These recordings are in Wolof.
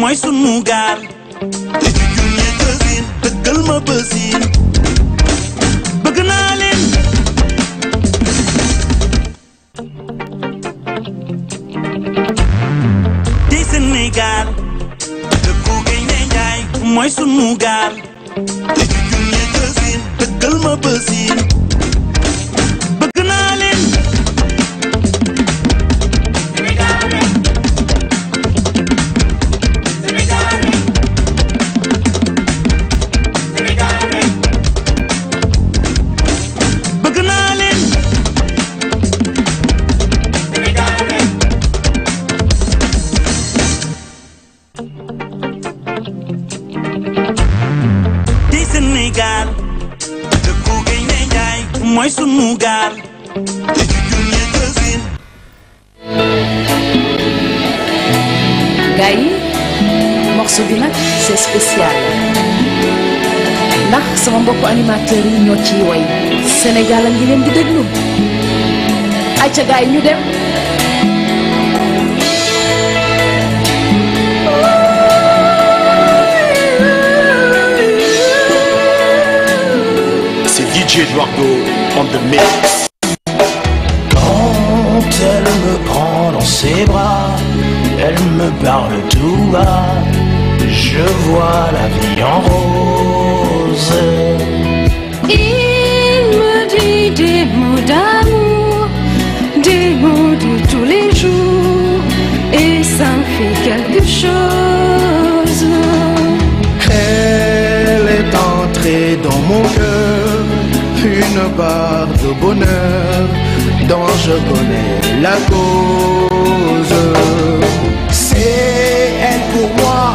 mooy sunu gaal te jujul ne tësin dëggal ma bësin bëgg naa leen tey Sénégal dëkku gay ne mooy sunu gaal te jujul ne tësin dëggal ma bësin animateurs c'est DJ Eduardo on the quand elle me prend dans ses bras elle me parle tout bas je vois la vie en rose mots d'amour, de tous les jours, et ça fait quelque chose. Elle est entrée dans mon cœur, une barre de bonheur, dont je connais la cause. C'est elle pour moi,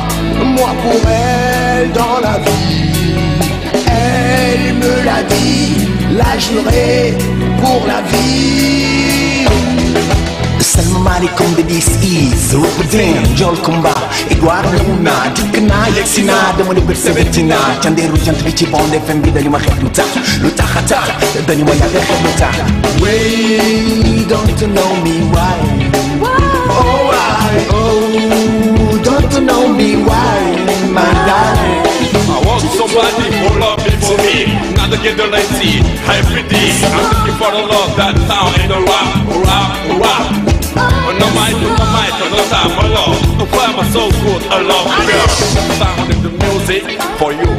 moi pour elle dans la vie. Elle me l'a dit la jurer pour la vie. Assalamu alaikum babies ease represent Joel Kumba Edouard Luna dikk naa yegg si naa dama ne bët sebeti naa candeeru jant bi ci Bond FM bi dañu ma xeeb lu tax lu tax a tax dañu ma yàgg xeeb lu tax. wey don't know me why. why oh why oh don't know. love that sound in the rap, rap, rap. On the mic, on the mic, on the time, my love. To find my soul good, I love girl. Sound is the music for you.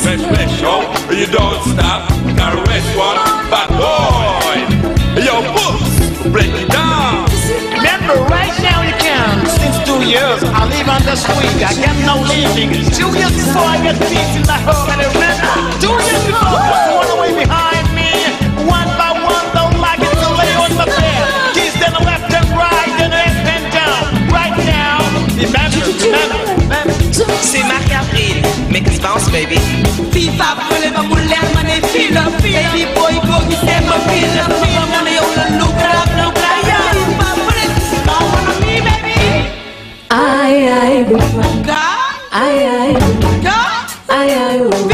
Fresh, fresh, yo, you don't stop. Carry west one, bad boy. Yo, push, break it down. Remember, right now you can. Since two years, I live on the street. I get no living. Two years before I get peace in the home, and remember, two years before. bounce baby. fii faa bële ba mu leer ma ne fii la yow la lu grave lu grave yaa ngi faa bële don't wanna me baby. ay ay bu fa. ga ay ay. ga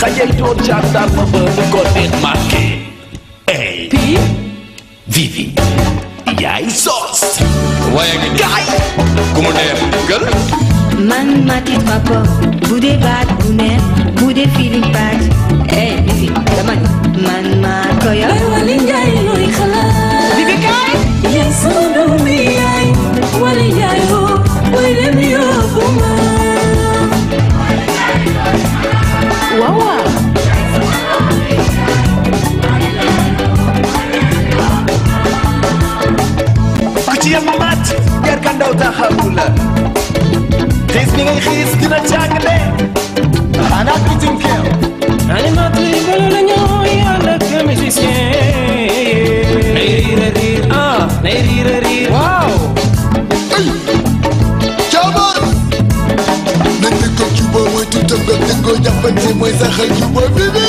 xajal doon gendarme ba lu ko neex marqué ey pii vivi yaay soos waaye ngi gaay ku mu neex gël man Mati Papa bu dee baat bu neex li ngay xiis dina jàng de xanaa bitim kër animateur yi bële la ñooy ànd ak musicien nay riir a riir ah nay riir a riir waaw ay jaabar nañ di ko mooy tutam nga juba bi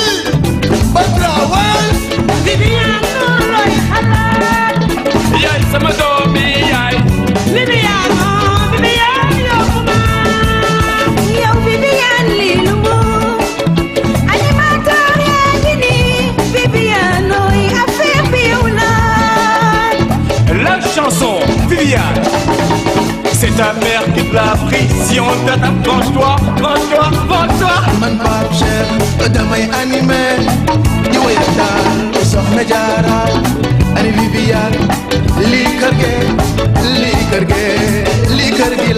Si on t'attaque, venge Man baab damay animé di wéyal daal soxna Jaara ani Viviane lii kër gi lii kër gi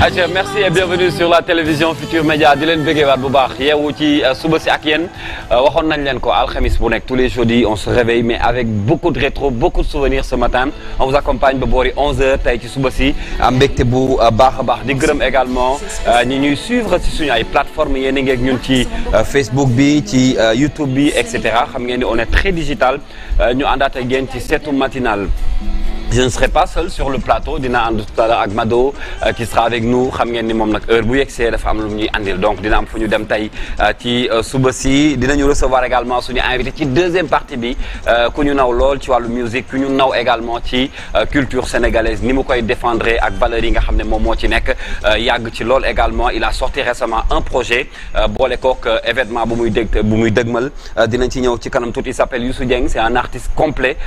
aca merci e bienvenue sur la télévision Futur Média di leen bëggee waat bu baax yeewu ci euh, suba si ak yéen euh, waxoon nañ leen ko alxamis bu nekk tous les jeudis on se réveille mais avec beaucoup de rétro beaucoup de souvenirs ce matin on vous accompagne ba boori 11h tey ci suba si am mbégte bu euh, baax a baax di gërëm également ñi ñuy suivre si suñu ay plateformes yéen a ngi ak ñun ci Facebook bi ci YouTube bi et cetera xam ngeen ni on est très digital ñu àndaat ak yéen ci seetu matinal je ne serai pas seul sur le plateau dina ànd tout à l'heure ak Mado euh, qui sera avec nous xam ngeen ni moom nag heure bu yegsee dafa am lu ñuy andil donc dina am fu ñu dem tey euh, ci euh, suba si dinañu recevoir également suñu invité ci deuxième partie bi ku ñu naw lool ci wàllu musique ku ñu naw également ci culture sénégalaise ni mu koy défendre ak valeurs yi nga xam ne moom moo ci nekk yàgg ci lool également il a sorti récemment un projet boole kook événement bu muy dég bu muy dëgmal dinañ ci ñëw ci kanam tuuti il s'appelle Youssou Dieng c'est un artiste complet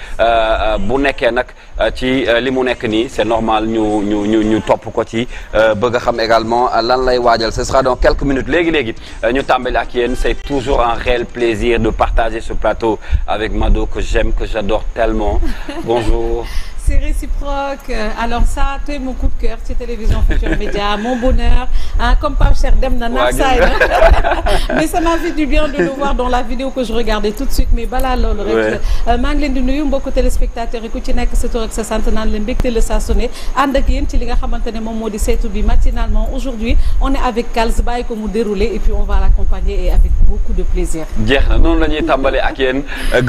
bu nekkee nag ci euh, li mu nekk nii c'est normal ñu ñu ñu ñu topp ko ci euh, bëgg a xam également euh, lan lay waajal ce sera dans quelques minutes léegi léegi ñu tàmbali ak yéen c'est toujours un réel plaisir de partager ce plateau avec Mado que j'aime que j'adore tellement bonjour c'est réciproque euh, alors ça tey mon coup de cœur ci télévision Futurs Médias mon bonheur comme Pape Cheikh dem na naaf saay na mais ça m'a fait du bien de le voir dans la vidéo que je regardais tout de suite mais bala loolu rek euh, maa ngi leen di nuyu mbokku téléspectateurs yi ku ci nekk sa tur ak naan leen mbégte la saa su ne ànd ak yéen ci li nga xamante ne moom moo di seetu bi matinalement aujourd'hui on est avec Kals bàyyi ko mu dérouler et puis on va l'accompagner et avec beaucoup de plaisir jeex na noonu la ñuy tàmbalee ak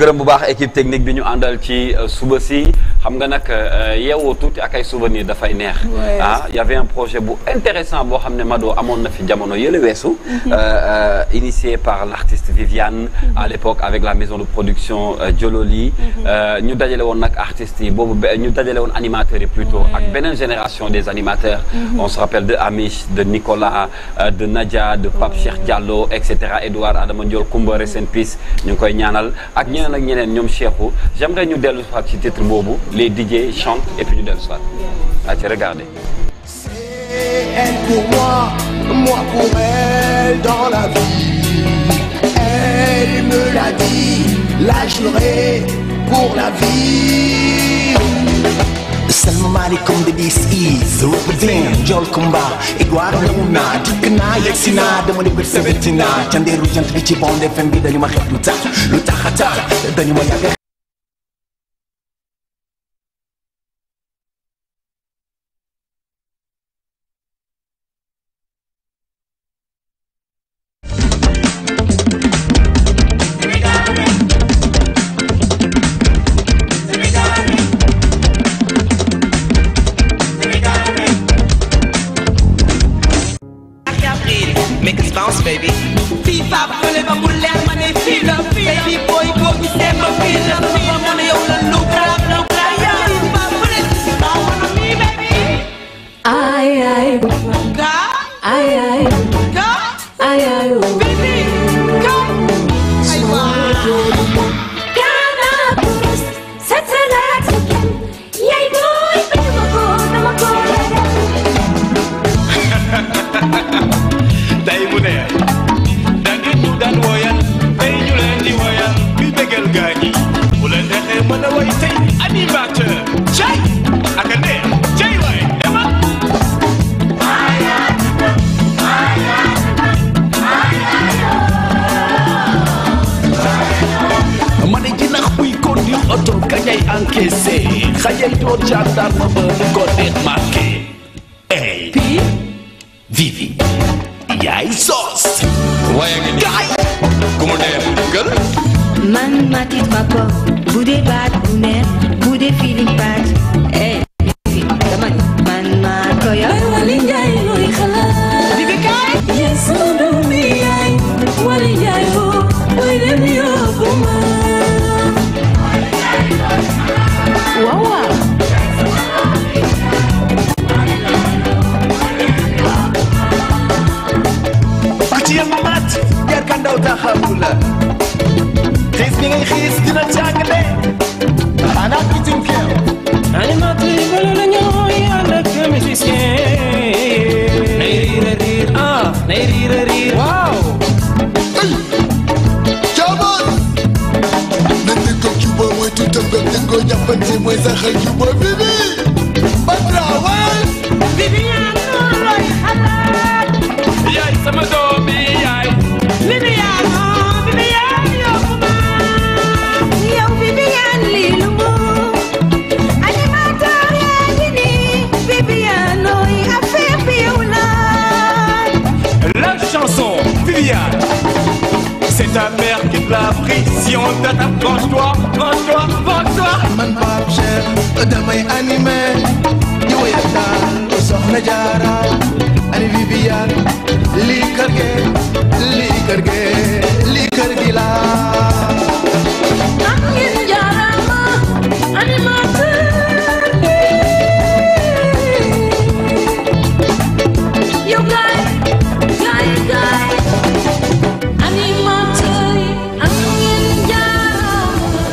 gërëm bu baax équipe technique bi ñu àndal ci euh, suba si xam nga nag Euh, yeewoo tuuti ak ay souvenirs dafay neex. ah y avait un projet bu intéressant boo xam ne Mado amoon na fi jamono yële weesu. Mhm. Euh, euh, initié par l'artiste Viviane. Mhm. à l'époque avec la maison de production jolo Jololi. Mhm. ñu dajale woon nag artistes yi boobu ñu dajale woon animateurs yi plutôt ak beneen génération des animateurs. on se rappelle de Amish de Nicolas de Nadia de Pape Cheikh Diallo et cetera Edouard Adama Ndiol Kumba Rest in Peace ñu ngi koy ñaanal ak ñeneen ak ñeneen ñoom Cheikhou j'aimerais DJ chante et puis ñu dellu C'est elle pour moi, la vie. Elle me l'a dit, la jurer pour la vie. Salma alaikum babies ease represent Jol Kumba Igwar na una Tukka na yegsi na dama ne bët sabati na jant bi ci Bond FM bi dañu ma lu tax lu tax a waaye ngi nii ku mu neex gël man Maty Papa bu dee baat bu neex bu dee feeling baat kandaw ta xamu la xiis gi ngay xiis dina càggale xanaa ki tim keew animatrice bala la ñooy ànd ak musicien nay riir a riir ah nay riir a riir waaw Nende ko cuba mooy tutam nga déggoo ñàppante mooy saxal cuba bi bi si on te tape venge-toi man Pape damay animé di wéyal daal soxna Jaara ani Vivian lii kër ge lii kër ge lii kër gi laa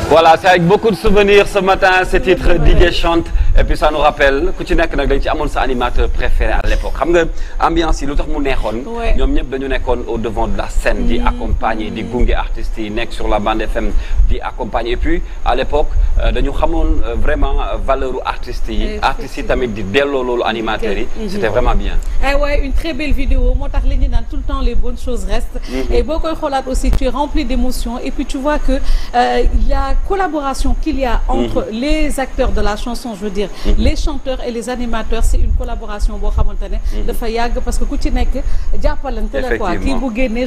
voilà c'est avec beaucoup de souvenirs ce matin ce titre DJ chante et puis nous rappelle ku ci nekk nag dañ ci amoon sa animateur préféré à l'époque xam nga ambiance yi lu tax mu neexoon ñoom ñëpp dañu nekkoon au devant de la scène di mm. accompagner di gunge artistes yi nekk sur la bande FM di accompagner et puis à l'époque Euh, dañu xamoon euh, vraiment euh, valeur u artistes yi artistes yi tamit di delloo loolu animateurs yi c'était vraiment bien eh ay waaye une très belle vidéo moo tax li ñu naan tout le temps les bonnes choses restent mhm. et boo koy xoolaat aussi tu es rempli d'émotions et puis tu vois que la collaboration qu'il y a entre mhm. les acteurs de la chanson je veux dire mhm. les chanteurs et les animateurs c'est collaboration boo xamante ne mhm. dafa yàgg parce que ku ci nekk jàppalante la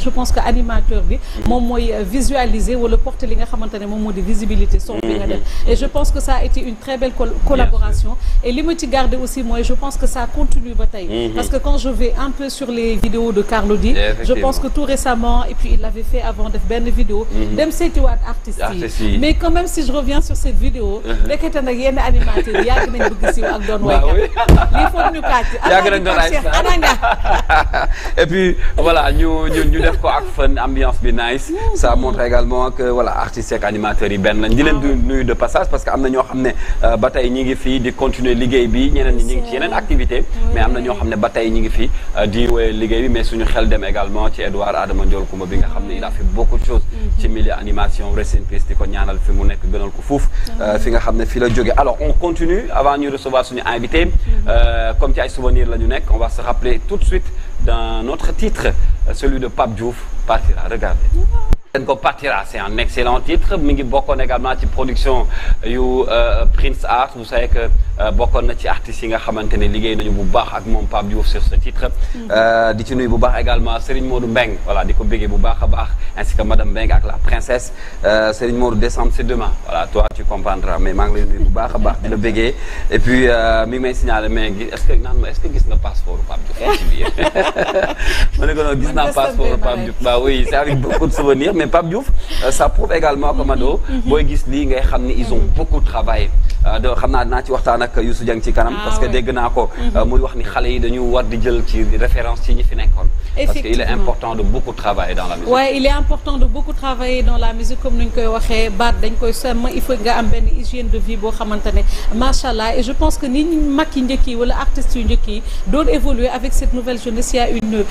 je pense que animateur bi mhm. moom mooy euh, visualiser wala porter li nga xamante ne moom moo di visibilité son bi mhm. et je pense que ça a été une très belle collaboration et li ma ci aussi mooy je pense que ça continue ba tey parce que quand je vais un peu sur les vidéos de Carlou D je pense que tout récemment et puis il def benn vidéo dem seetiwaat mais quand même si je reviens sur cette vidéo uh-huh. nekkete nag yenn animateurs yi ñu kàcc. yàgg nañ doon ay ah. et puis voilà ñu ñu ñu def ko ak fun ambiance bi nice. Mmh. ça montre également que voilà artistes ak yi benn lañ. di leen ah. di nuyu de passage parce que am na ñoo xam ne euh, ba tey ñi ngi fii di continuer liggéey bi ñeneen ñi ñu ngi ci yeneen activité mais am na ñoo xam ne ba tey ñi ngi fii euh, di wéy liggéey bi mais suñu xel dem également ci Edouard Adama Ndiol Koumba bi nga xam ne il a fait beaucoup de choses mmh. ci milieu animation rest in di ko ñaanal fi mu nekk gënal ko fuuf ah. euh, fi nga xam ne fi la jóge alors on continue avant ñu recevoir suñu invité mmh. Euh, comme ci ay souvenirs la ñu nekk on va se rappeler tout de suite d'un autre titre euh, celui de Pape Diouf Partira regardez leen ko partira c'est un excellent titre mi ngi bokkoon également ci production yu euh, Prince Art vous savez que euh, bokkoon na ci artistes yi nga xamante ne liggéey nañu bu baax ak moom Pape Diouf sur ce titre mm-hmm. euh, di ci nuyu bu baax également Serigne Modou Mbeng voilà di ko béggee bu baax a baax ainsi que madame Mbeng ak la princesse Serigne Modou décembre c'est demain toi tu comprendras mais maa ngi lay nuyu bu baax a baax di la béggee et puis mi may signaler mais est ma est-ce que gis nga passeport Pape Diouf ci mais Pape Diouf euh, ça prouve également que mhm. mhm. booy gis lii ngay xam ni ils ont mhm. beaucoup travaillé euh, de xam naa naa ci waxtaan ak Youssou Dieng ci kanam ah parce que dégg naa ko euh, muy wax ni xale yi dañu war di jël ci référence ci ñi fi nekkoon parce que il est important de beaucoup travailler dans la musique comme ni ñu koy waxe baat dañ koy sàmm il faut nga am benn hygiène de vie boo xamante ne macha allah et je pense que ni mag yi njëkk yi wala artistes yu njëkk yi doon évoluer avec cette nouvelle jeunesse il y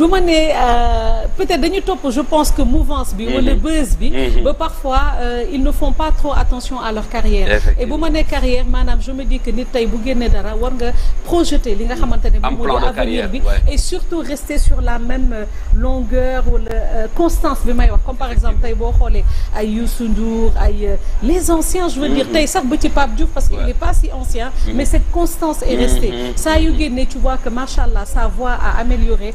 du ma ne euh, peut-être dañu je pense que mouvance bi le mhm. buzz bi mhm. ba parfois euh, ils ne font pas trop attention à leur carrière et bu ma ne carrière maanaam je me dis que nit tey bu génnee dara war nga projeter li nga mm. xamante ne moom mooy avenir bi et surtout rester sur la même euh, longueur wala constance bi may wax comme par exemple tey boo xoolee ay Youssou Ndour ay les anciens je veux dire mm-hmm. tey sax ba ci Pape Diouf parce qu'il n'est pas si ancien mm-hmm. mais cette constance est restée mm-hmm. saa yu génnee que machallah sa voix a amélioré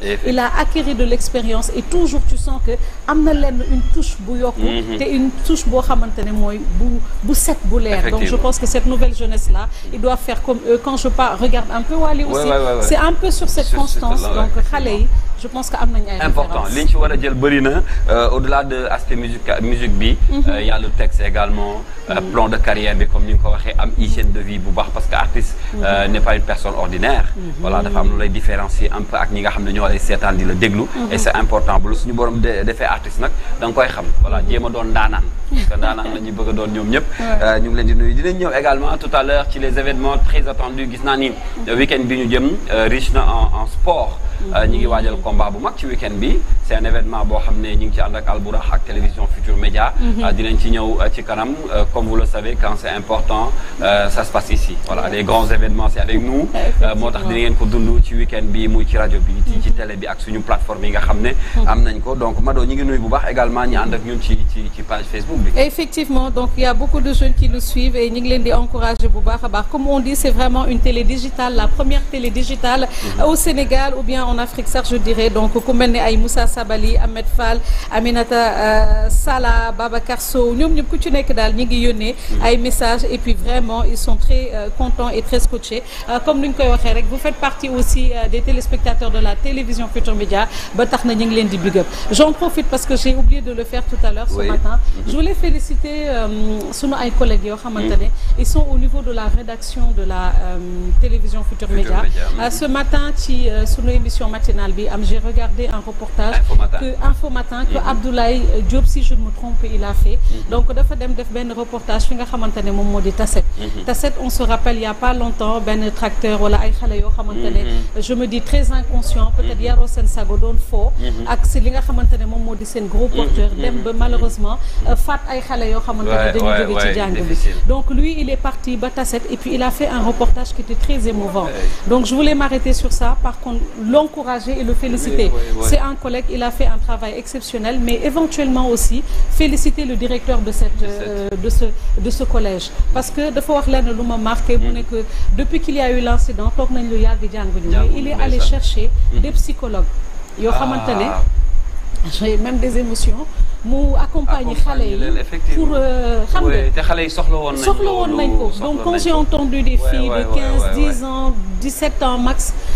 acquérir de l'expérience et toujours tu sens que am na lenn une touche bu yokku mhm. te une touche boo xamante ne mooy bu bu set bu leer donc je pense que cette nouvelle jeunesse là ils doivent faire comme eux quand je parle regarde un peu Wally aussi ouais, ouais, ouais, c'est un peu sur cette sur constance donc xale yi je pense que am nañu important li ñu ci war a jël bëri na euh, au-delà de aspect musique bi. Mhm. Euh, y a le texte également. Euh, mhm. plan de carrière bi comme ni nga ko waxee am hygiène de vie bu baax parce que artiste. Mhm. n'est pas une personne ordinaire. voilà dafa am lu lay différencier un peu ak ñi nga xam ne ñoo lay seetaan di la déglu. et c'est important bu la suñu borom defee artiste nag da nga koy xam wala jéem a doon ndaanaan. parce que ndaanaan la ñuy bëgg doon ñoom ñëpp. ñu ngi leen di nuyu dinañ ñëw également tout à les événements très attendus gis naa ni week-end bi ñu jëm riche na en en sport. Euh, ñi ngi waajal combat bu mag ci weekend bi c'est un événement boo xam ne ñi ngi ci ànd ak Alburax ak télévision Futur Média mm-hmm. euh, dinañ ci ñëw euh, ci kanam comme vous le savez quand c'est important ça se passe ici voilà les grands événements c'est avec nous moo tax ko dund ci weekend bi muy ci rajo bi ci mm-hmm. télé bi ak suñu plateforme yi nga xam ne mm-hmm. am nañ ko donc Mado ñi ngi nuyu bu baax également ñi ànd ak ñun ci page Facebook bi effectivement donc il di encourager bu baax a baax comme on leader en Afrique sax je dirais donc ku mel ne ay Moussa Sabali Ahmed Fall Aminata euh, Sala Babacar Sow ñoom ñëpp ku ci nekk daal ñu ngi yónnee ay messages et puis vraiment ils sont très euh, contents et très scotchés euh, comme ni ñu koy waxee rek vous faites partie aussi des téléspectateurs de la télévision Futur Média ba tax na ñu ngi leen di big up j'en profite parce que j'ai oublié de le faire tout à l'heure ce matin mhm. je voulais féliciter sunu ay collègues yoo xamante ne mhm. ils sont au niveau de la rédaction de la télévision Futur émission matinale bi am j'ai reportage Infomatin. que mm-hmm. si je me trompe il a fait mmh. donc dem def benn reportage fi nga xamante ne moo di Tasset mm-hmm. Tasset on se rappelle il y a pas longtemps benn tracteur ay xale yoo ne mm-hmm. je me dis très inconscient peut-être yaroo sago doon foo ak si li nga moo di seen gros porteur dem ba malheureusement euh, faat ay xale yoo xamante ne dañu jóge bi donc il est parti ba Tasset et il a fait un reportage qui était très émouvant je voulais m'arrêter l'encourager et le féliciter. Oui, oui, oui. C'est un collègue, il Parce que de fois, là, nous m'a marqué que depuis qu'il y a eu l'incident, il est allé chercher hmm. des psychologues. yoo ah. xamante ne j'ai même des émotions mu accompagner xale yi pour euh, xam nga te xale yi soxla woon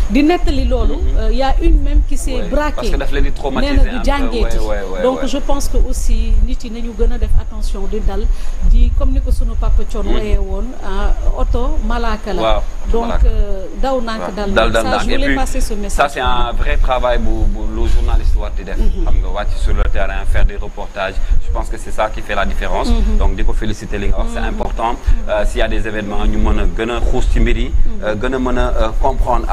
di nettali loolu mhm. euh, y a une même qui s'est braquée nee na du jàngeeti donc je pense que aussi nit yi nañu gën a def attention di dal di comme ni ko sunu papa Thion mhm. wayee woon ah, oto malaaka la donc euh, daw nank dal dal ça je voulais passer ce message ça c'est un vrai travail bu bu lu journaliste war di def mhm. xam nga wàcc sur le terrain faire des reportages je pense que c'est ça qui fait la différence donc di ko féliciter li nga c'est important euh, s'il y des événements ñu mën a gën a xuus ci mbir yi gën a mën a comprendre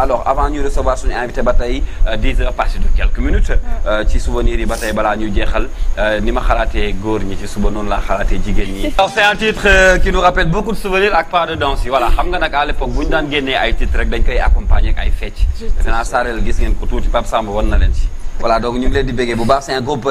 avant ñuy recevoir suñu invité ba tey 10 euh, heures passé de quelques minutes euh, ci souvenirs yi ba tey balaa ñuy jeexal euh, ni ma xalaatee góor ñi ci suba noonu laa xalaatee jigéen ñi alors c'est rappelle beaucoup de souvenirs ak pas de danse yi voilà xam nga nag à l'époque bu ñu daan génnee ay titres dañ koy accompagner ak ay fecc danaa saareel gis ngeen ko tuuti Pape Samba wan na leen ci voilà donc ñu leen di béggee bu baax c'est groupe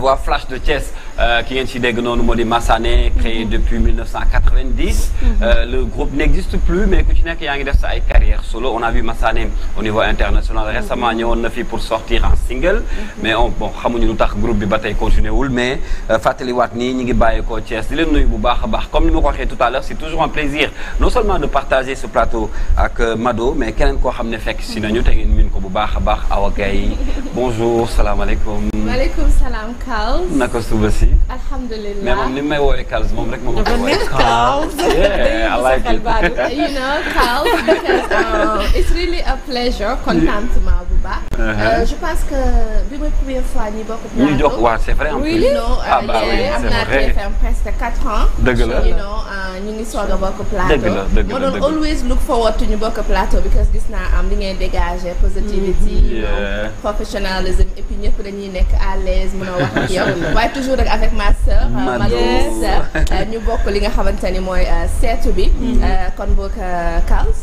voix flash de Thiès Euh, ki ngeen ci dégg noonu moo di Massané créé depuis 1990. Mhm. Euh, le groupe n'existe plus mais ku ci nekk yaa ngi def sa ay carrière solo on a vu Massané au niveau international récemment ñëwoon na fi pour sortir en single. Mhm. mais on bon xamuñu lu tax groupe bi ba tey continué wul mais euh, fàttaliwaat nii ñi ngi bàyyeekoo Thiès di leen nuyu bu baax a baax comme ni ma ko waxee tout à l'heure c'est toujours un plaisir non seulement de partager ce plateau ak Mado mais keneen koo xam ne fekk si nañu te ngeen min ko bu baax a baax Awa Gaye bonjour salaamaaleykum. maaleykum yi. alhamdulilah mais moom ni may woowee Kals moom rek moom ma koy woowee Kals. yeah I like it you know Kals because uh, it's really a pleasure contentement bu baax. Uh-huh. Uh, je pense que bi ma première fois ñi bokk. ñu jox waaw c'est vrai en plus. ah bah oui am naa TFM presque quatre ans. dëgg la you know uh, ñu ngi soog a bokk plateau. dëgg la dëgg la ma doon always look forward to ñu bokk plateau because gis naa am um, li ngay dégager positivity. Mm-hmm. professionnalisme et puis ñëpp dañuy nekk à l'aise mën a wax ak yow waaye toujours avec ma soeur ma grande ñu bokk li nga xamante ni mooy euh, seetu bi mm-hmm. euh, kon boog euh, Kaos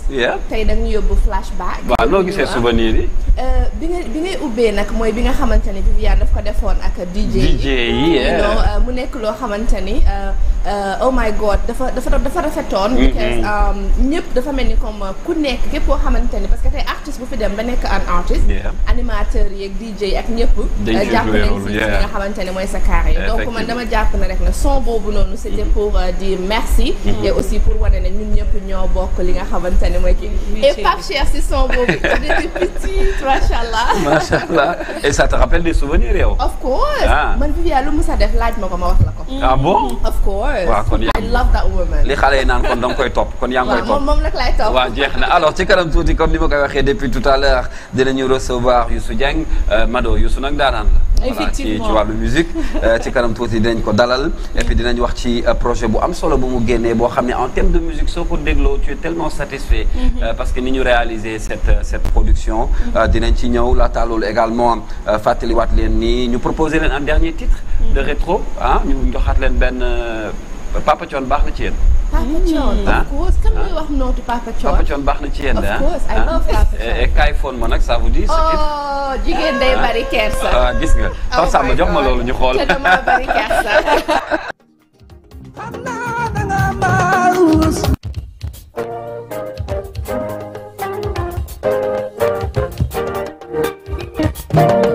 tey dañu yóbbu flashback waaw noo gisee souvenirs yi bi nga bi ngay ubbee nag mooy bi nga xamante ni Viviane daf ko defoon ak DJ yi non mu nekk loo xamante ni oh my god dafa dafa dafa rafetoon mm-hmm. because um, ñëpp dafa mel ni comme ku nekk képp koo xamante ni parce que tey artiste bu fi dem ba nekk an artiste animateur yeeg DJ ak ñëpp jàpp nañ nga xamante ni mooy sa carrière donc man dama jàpp ne rek na son boobu noonu c'était pour euh, dire merci et aussi pour wane ne ñun ñëpp ñoo bokk li nga xamante ne mooy kii et Pape Cheikh si son boobu j'étais petite macha allah macha allah et ça te rappelle des souvenirs yow of course ah. man Viviane lu mu a def laaj ma ko ma wax la ko ah bon of course li xale yi naan kon da koy topp kon yaa ngi koy topp moom jeex na alors ci kanam yi comme ni ma koy waxee depuis tout à l'heure dinañu recevoir Youssou Dieng euh, Mado Youssou nag daanaan voilà ci ci wàllu musique euh, ci kanam tuuti dinañ ko dalal et dinañ wax ci euh, projet bu am solo bu mu génnee boo xam ne en terme de musique soo ko dégloo ci es tellement satisfait mm-hmm. euh, parce que ni ñu réaliser cette cette production mm-hmm. dinañ ci ñëw laata loolu également fàttaliwaat leen nii ñu proposer leen un dernier titre de mm-hmm. rétro ah ñu joxaat leen benn Papa Thione baax na ci yen Papa mmh. Thion. of ah. course ah. Papa Thion. Papa Thion baax na ci yéen de ah. of course ah. Eh, eh, ma nag ça di dit. Oh, jigéen day bari kersa. waaw gis nga. Oh aw sàmm jox ma loolu ñu xool. te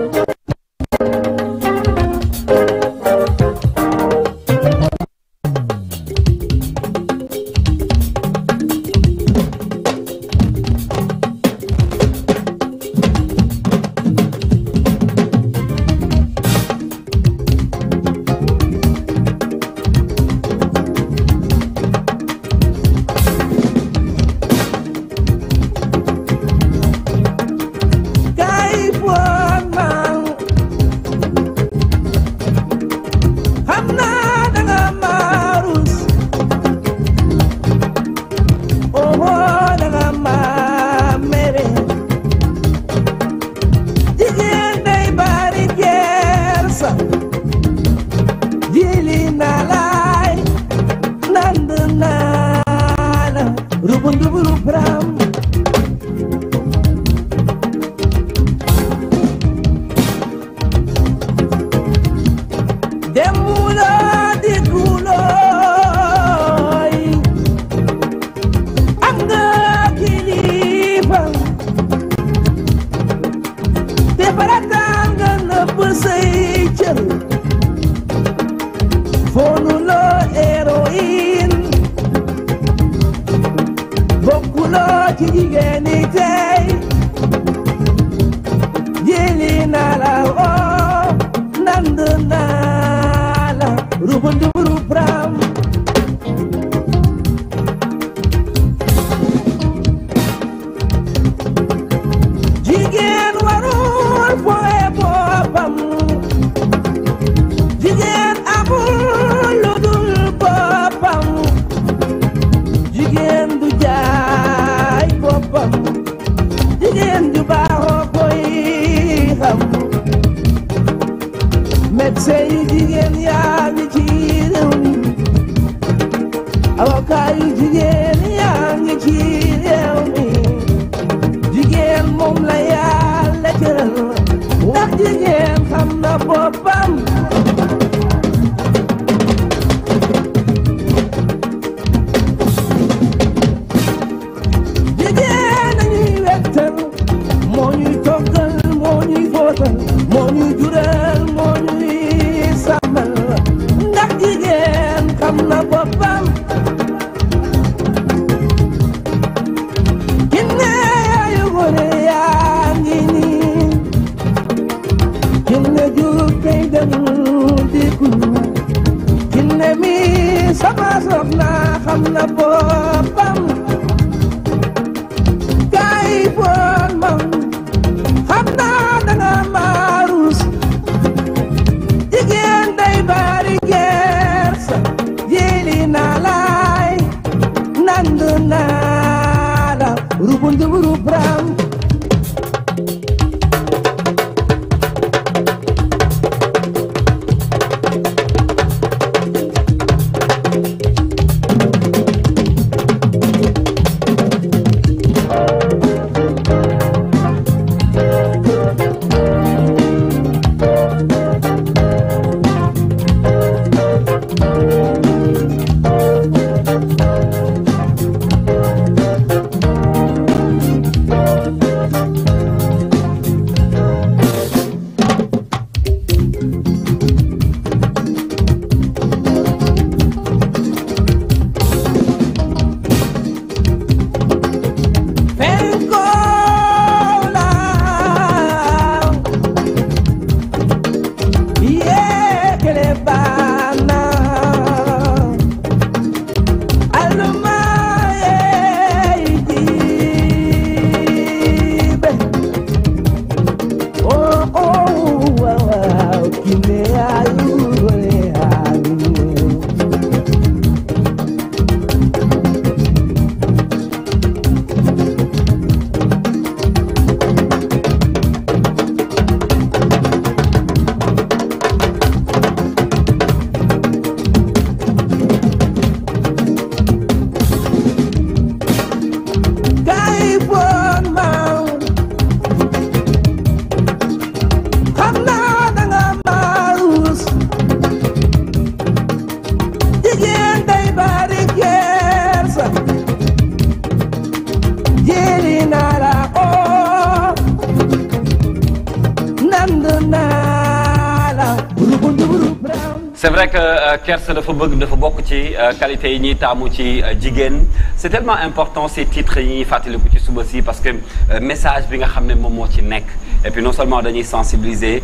bëgg dafa bokk ci euh, qualité yi ñuy taamu ci euh, jigéen c'est tellement important ces titres yi ñuy fàttaliku ci suba si parce que euh, message bi nga xam ne moom moo ci nekk et puis non seulement dañuy sensibiliser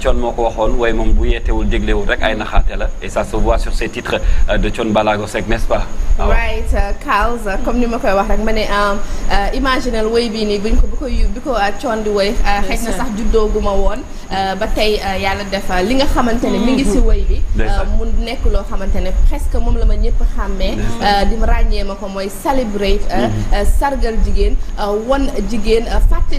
Thion moo ko waxoon waaye moom bu yeetewul déglewul rek ay naxaate la et ça se voit sur ces titres de Thion Balago Seck n'est-ce pas ah right comme ni ma koy wax rek ma ne imaginal woy bii nii buñ ko bu ko bu ko Thion di woy xëy na sax juddoo gu ma woon ba tey yàlla def li nga xamante Euh, mu nekk loo xamante ne presque moom la ma ñëpp xàmmee euh, di ma ràññee ma ko mooy célébrer euh, mm-hmm. sargal jigéen wan jigéen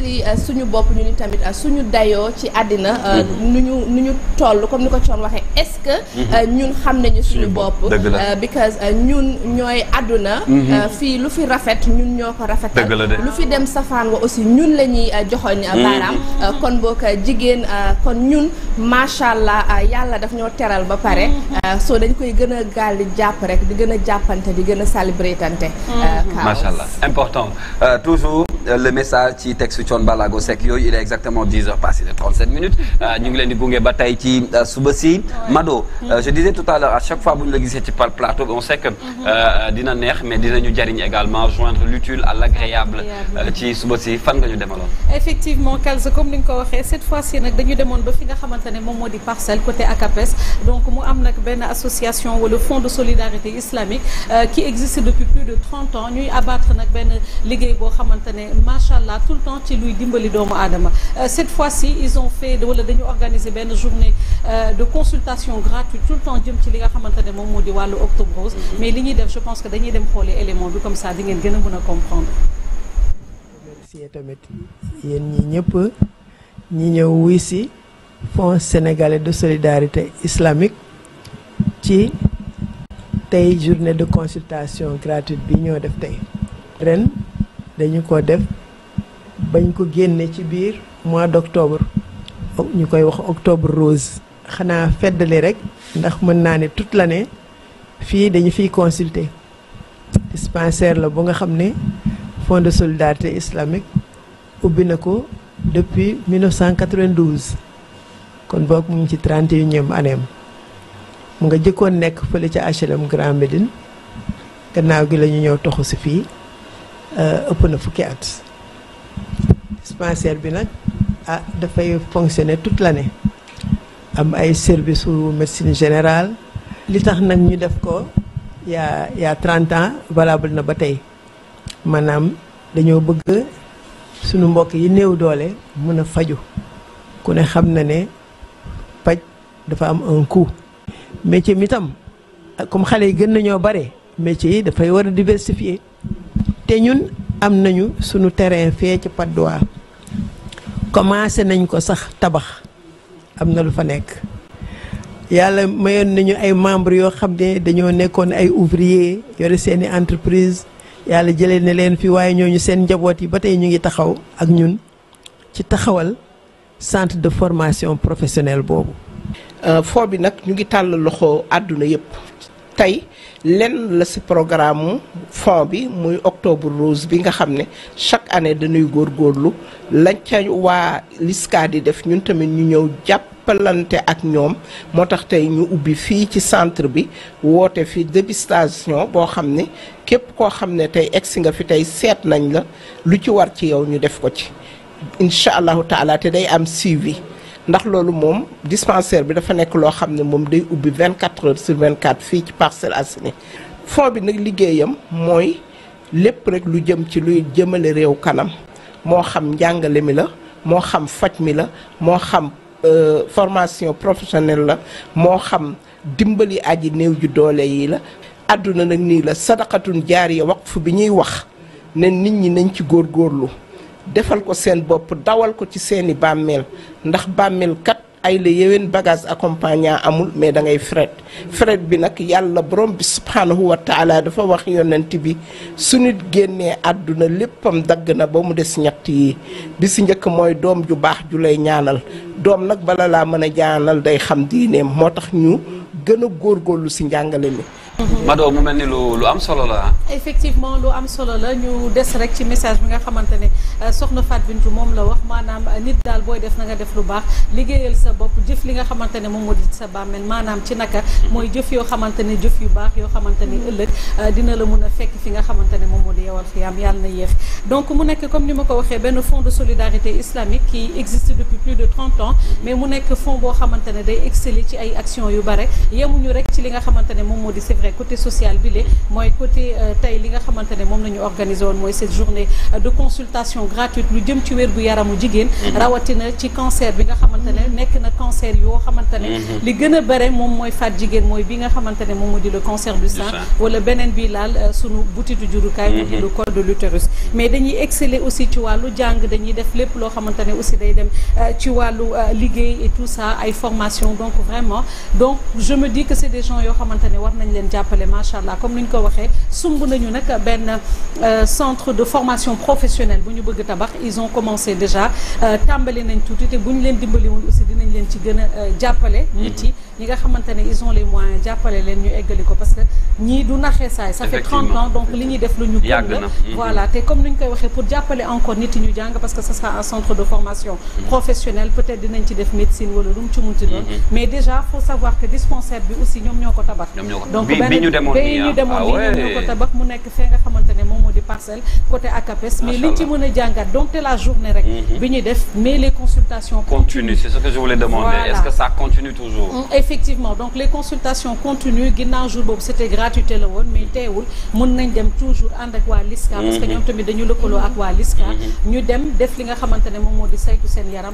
fàttali euh, suñu bopp ñu ni tamit euh, suñu dayoo ci àddina euh, mm-hmm. nu ñu nu ñu toll comme ni ko coon waxee est-ce que mm-hmm. ñun xam nañu suñu bopp because ñun ñooy àdduna mm-hmm. fii lu fi rafet ñun ñoo ko rafetal lu fi dem safaan wa aussi ñun la ñuy joxoñ baaraam kon boo ko jigéen kon ñun macha allah yàlla daf ñoo teral ba pare soo dañ koy gën a gaal di jàpp rek di gën a jàppante di gën a salibrétante macha allah important toujours Euh, le message ci texte Thione Ballago Seck yooyu il est exactement 10 heures passées de 37 minutes euh, ñu leen di gunge ba tey ci euh, suba si Mado Euh, je disais tout à l'heure à chaque fois bu ñu la plateau on sait que mhm. euh, dina neex mais dinañu jariñ également joindre l'utile à l'agréable euh, ci suba si fan nga ñu demaloon effectivement Kalza comme ni nga ko waxee cette fois ci nag dañu demoon ba fi ne moom moo di parcelle côté ACAPES donc mu am nag benn association wala fonds de solidarité islamique qui existe depuis plus de 30 ans ñuy abattre nag benn liggéey boo xamante ne machallah tout le temps ci luy dimbali doomu aadama cette fois ci ils ont fait wala dañu organiser benn journée depuis jëm ci li nga xamante ne moom moo di wàllu octobre mais li ñuy je pense que dañuy dem xoolee élément bi comme ça di a mën a comprendre tamit yéen ñi ñëpp ñi ñëw wuy si fons sénégalais de solidarité islamique ci tey journée de consultation gratuite bi ñoo def tey ren dañu ko def bañ ko génne ci biir mois d'octobre oh, ñu koy wax octobre rose xanaa feddali rek ndax mën naa ne la l'année fii dañu fiy consulter dispensaire la bu nga xam ni Fonds de solidarité islamique ubbi na ko depuis 1992 kon boog mu ngi ci 31e année mu nga jëkkoon nekk fële ca HLM Grand Médine gannaaw gi lañu ñëw toxu si fii euh, ëpp na fukki at dispensaire bi nag ah dafay fonctionner toute l'année am ay service su médecine générale li tax nag ñu def ko yaa yaa trente ans valable na ba tey maanaam dañoo bëgg sunu mbokk yi néew doole mën a faju ku ne xam na ne paj dafa am un coût métier itam tam comme xale yi gën nañoo bare métier yi dafay war a diversifier te ñun am nañu sunu terrain fee ci Patte d'Oie commencé nañ ko sax tabax am na lu fa nekk yàlla mayoon nañu ay membres yoo xam ne dañoo nekkoon ay ouvrier yore seen i entreprise yàlla jëlee na leen fii waaye ñoo ñu seen njaboot yi ba tey ñu ngi taxaw ak ñun ci taxawal centre de formation professionnelle boobu. Euh, foo bi nag ñu ngi tàll loxo àdduna yëpp tey. lenn la ci programme fond bi muy octobre rose bi nga xam ne chaque année dañuy góorgóorlu lañ ca waa LISCA di def ñun tamit ñu ñëw jàppalante ak ñoom moo tax tey ñu ubbi fii ci centre bi woote fi dégustation boo xam ne képp koo xam ne tey egsi nga fi tey seet nañ la lu ci war ci yow ñu def ko ci incha allahu taala te day am suivi. ndax loolu moom dispensaire bi dafa nekk loo xam ne moom day ubbi vingt 24 heures sur 24 fii ci Parcelles Assainies fond bi nag liggéeyam mooy lépp rek lu jëm ci luy jëmale réew kanam moo xam njàngale mi la moo xam faj mi la moo xam euh, formation professionnelle la moo xam dimbali aji néew ju doole yi la àdduna nag nii la jaar sadaqatun jaariya fu bi ñuy wax ne nit ñi nañ ci góor góorlu defal ko seen bopp dawal ko ci seeni bàmmeel ndax bàmmeel kat ay la yéwén bagage accompagnant amul mais dangay ngay fret bi nag yàlla borom bi subhanahu wa taala dafa wax yonent bi su nit génnee àdduna léppam dagg na ba mu des ñett yi bi si njëkk mooy doom ju baax ju lay ñaanal doom nag bala laa mën a ñaanal day xam diineem moo tax ñu gën a góorlu si njàngale mi Mado mu mel ni lu lu am solo la effectivement lu am solo la ñu des rek ci message bi nga xamante ne euh, soxna Fat Bintou moom la wax maanaam euh, nit daal booy def na nga def lu baax liggéeyal sa bopp jëf li nga xamante ne moom moo di sa bàmmeel maanaam ci naka mooy jëf yoo xamante ne jëf yu baax yoo xamante ne ëllëg euh, dina la mun a fekk fi nga xamante ne moom moo di yewal fi am yàlla na yéex donc mu nekk comme ni ma ko waxee benn fonds de solidarité islamique qui existe depuis plus de 30 ans mais mu nekk fonds boo xamante ne day exceller ci ay actions yu bare yemuñu rek ci li nga xamante ne moom moo di c'est après côté social bi le mooy côté euh, tey li nga xamante ne moom la ñu organisé woon mooy cette journée euh, de consultation gratuite lu jëm ci wér gu yaramu jigéen mm-hmm. rawatina ci cancer bi nga xamante ne nekk na cancer yoo xamante ne mm-hmm. li gën a bare moom mooy faat jigéen mooy bi nga xamante ne moom moo di le cancer du sein wala beneen bi laal euh, sunu butitu jurukaay moo di le mm-hmm. col de l'utérus mais dañuy exceller aussi ci wàllu jàng dañuy def lépp loo xamante ne aussi day dem ci wàllu liggéey et tout ça ay formation donc vraiment donc je jàppale macha allah comme ni ñu ko waxee sumb nañu nag benn euh, centre de formation professionnelle bu ñu bëgg tabax ils ont commencé déjà euh, tàmbali nañ tuuti te bu ñu leen dimbali woon aussi dinañ leen ci gën a euh, jàppale. Mm-hmm. nit yi ñi nga xamante ne ils ont les moyens jàppale leen ñu eggali ko parce que ñii du naxee saay ça fait 30 ans donc li ñu def lu ñu. yàgg na mm-hmm. voilà te comme ni ñu koy waxee pour jàppale encore nit yi ñu jàng parce que ce sera un centre de formation mm-hmm. professionnelle peut mais déjà faut savoir que ñoo ko tabax donc bi ñu demoon nii ah, ñu ah, ko tabax mu nekk fee nga xamante ne moom moo di parcelle côté ACAPES mais liñ ci mën a jàngat donc te la journée rek mhm. bi ñuy def mais les consultations continuent c'est ce que je voulais demander voilà. est-ce continue toujours mm, jour boobu c'était gratuité la woon mais teewul mën nañ dem toujours ànd ak waa LISCA parce que mhm. ñoom tamit dañu lëkkaloo ak waa LISCA mhm. ñu dem def li nga xamante moom moo di saytu seen yaram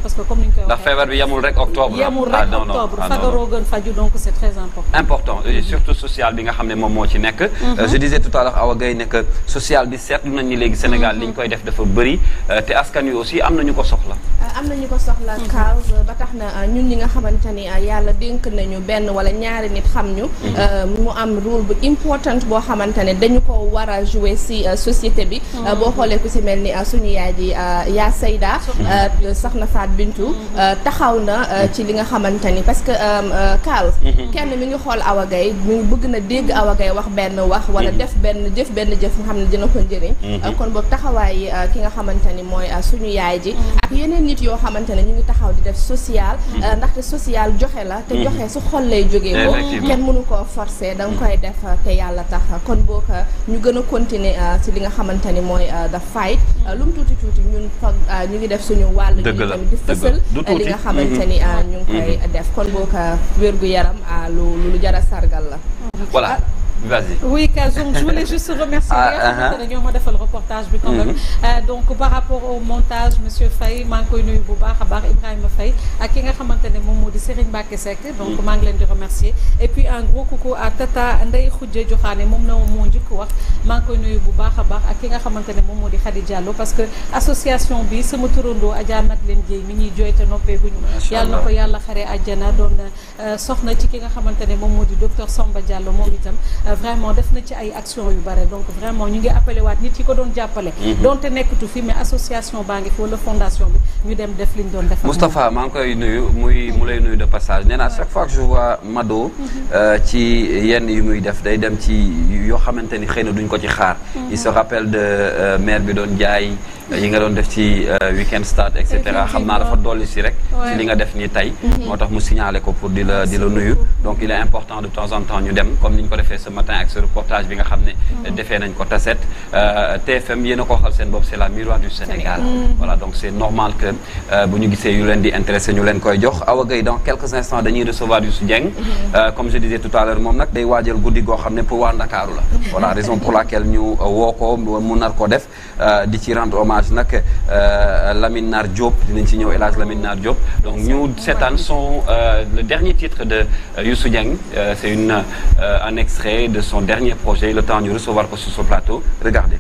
bi nga xam ne moom moo ci nekk mhm. je disais tout à l'heure Awa Gaye ne que social bi seetlu nañ ni léegi Sénégal mhm. li ñu koy def dafa bëri euh, te askan wi aussi am na ñu ko soxla euh, am na ñu ko soxla cause mhm. euh, ba tax na ñun ñi nga xamante ni yàlla dénk nañu benn wala ñaari nit xam ñu mu am rôle bu important boo xamante ne dañu ko war a jouer si société bi boo xoolee ku si mel ni suñu yaay ji yaa Seyda na Faat Bintu taxaw na ci li nga xamante ni parce que Kaal kenn mi ngi xool Awa mu bëgg na dégg Awa Gaye wax benn wax wala mhm. def benn jëf benn jëf nga xam ne dina ko njëriñ mhm. euh, kon boog taxawaay euh, ki nga xamante ni mooy euh, suñu yaay ji mhm. ak yeneen nit yoo xamante ne ñu ngi taxaw di def social ndaxte social joxe la te joxe su xol lay jógee ko kenn mënu koo forcer da nga koy def te yàlla tax kon boog ñu gën a continuer ci li nga xamante ni mooy da fight lu tuuti tuuti ñun fa ñu ngi def suñu wàll ñu tamit di fësal li nga xamante ni ñu def kon boog wér gu yaram lu lu jara sargal la voilà. Ah. vas-y oui Kazoum je voulais juste remercier ñi nga ma defal reportage bi quand même mhm. euh, donc par rapport au montage monsieur maa ngi koy nuyu bu baax a baax Ibrahima Faye ak ki nga xamante ne moom moo di Serigne Mbacké Seck donc mhm. maa ngi leen di remercier et puis un gros coucou Tata Ndeye Khoudia Diokhane moom na moo njëkk wax maa ngi koy nuyu bu baax a baax ak ki nga xamante ne moom moo di Khady Diallo parce que association bi sama turandoo Adja leen Dieye mi ñuy jooy te noppeeguñu yàlla na ko yàlla xare àjjana doon Euh, soxna ci ki nga xamante ne moom moo di docteur Samba Diallo moom itam euh, vraiment def na ci ay action yu bare donc vraiment ñu ngi appelé waat nit yi ko doon jàppale mhm. donte nekkatu fi mais association baa ngi fi wala fondation bi ñu dem def liñ doon def Moustapha maa ngi koy nuyu muy mu lay nuyu de passage nee naa chaque fois que je vois Mado mhm. euh, ci yenn yi muy def day dem ci yoo xamante ni xëy na duñ ko ci xaar mhm. il se rappelle de maire bi doon jaay yi nga doon def ci euh, weekend start et cetera xam naa dafa dolli si rek si li nga def nii tey mhm. moo tax mu signalé ko pour di la di nuyu donc il est important de temps en temps ñu dem comme ni ñu ko defee ce bu ñu gisee yu leen di intéressé ñu leen koy jox Awa Gueye quelques instants dañuy recevoir Youssou Dieng mhm. euh, comme je disais tout à l'heure moom nag day waajal guddi goo xam ne pour waa Ndakaaru la mhm. voilà raison pour laquelle ñu euh, woo ko mu nar ko def di ci rendre hommage hommage nag euh, Lamine Nar Diop dinañ ci ñëw El Hadj Lamine Nar Diop donc ñu seetaan son euh, le dernier titre de euh, Youssou Dieng c'est une un extrait de son dernier projet le temps ñu recevoir ko sur ce plateau regardez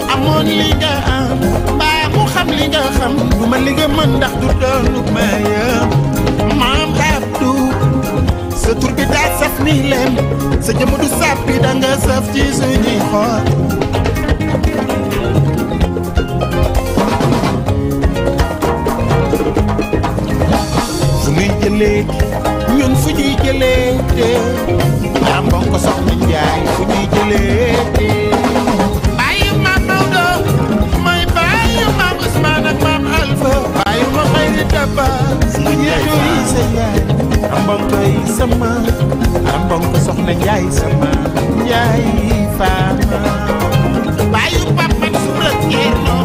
ku amoon li nga am mbaa ku xam li nga xam du ma li nga mën ndax du doonu maya maam Abdu sa tur bi daa saf ni leen sa jëmm du saf bi da ci suñuy xool fu ñuy ñun fu ñuy jëlee te daa mbokk soxna Njaay fu ñuy te da tapas yeeyu yi sa yaay ambonko yi sama ambonko soxna njaay sama njaay faama baayu pap man suura keeno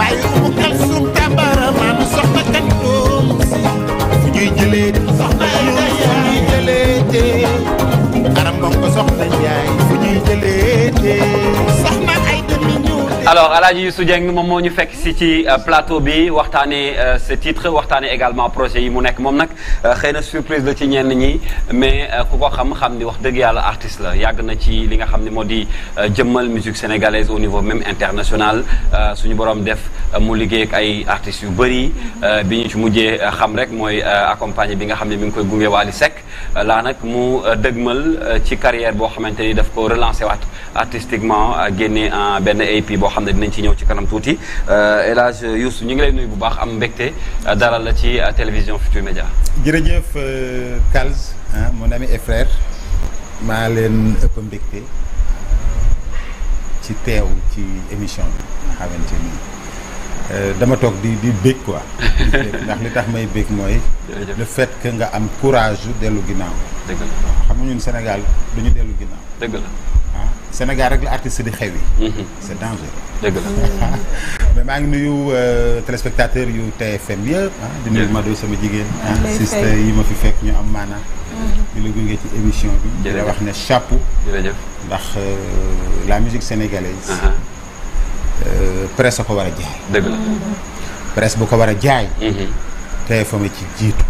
baayu mu kal suum tabara man soxna kan doom si fu ñuy jëlee soxna yoon fu ñuy jëlee tee arambonko soxna njaay fu ñuy jëlee tee soxna alors El Hadj su jeng moom moo ñu fekk si ci euh, plateau bi waxtaanee euh, ce titre waxtaanee également projet yi mu nekk moom nag euh, xëy na surprise la ci ñenn ñi mais ku ko xam xam ni wax dëgg yàlla artist la yàgg na ci li nga xam ni moo di jëmmal musique sénégalaise au niveau même international suñu borom def mu liggéey ak ay artistes yu bëri bi ñu ci mujjee xam rek mooy accompagné bi nga xam ne mu ngi koy gunge Wally Seck laa nag mu dëgmal ci carrière boo xamante ni daf ko relancé waat. artistiquement euh, génne en benn EP boo xam ne dinañ ci ñëw ci kanam tuuti euh, El Hadj ñu ngi lay nuyu bu baax am mbégte euh, dalal la ci télévision Futur Média. jërëjëf Kals ah mon ami et maa leen ëpp mbégte ci teew ci émission bi nga xamante ni. dama toog di di bég quoi ndax li tax may bég mooy le fait que nga am courage dellu ginnaaw dëgg la xam nga ñun Sénégal duñu dellu ginnaaw dëgg Sénégal rek la artiste di xew yi mhm. c'est dangereux dëgg mais maa ngi nuyu euh, téléspectateur yu TFM yëpp ah di ma Mado sama jigéen ah yi ma fi fekk ñu am maana ñu mhm. la gunge ci émission bi dina wax ne chapeau jërëjëf ndax euh, la musique sénégalaise euh, presse a ko war a jaay dëgg la mhm. bu ko war a jaay TFM ci jiitu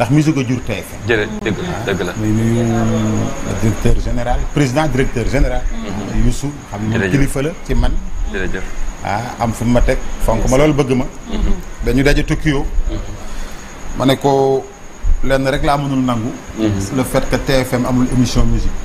ndax musique a jur TFM. jërëjëf dëgg la ah. dëgg la. muy nuyu euh, directeur général président directeur général. Mhm. Youssou xam ne kilifa la ci man. jërëjëf ah am fu ma teg fonk ma loolu bëgg ma. Mhm. dañu daje Tokyo. Mhm. ne ko lenn rek laa mënul nangu. le fait que TFM amul émission musique.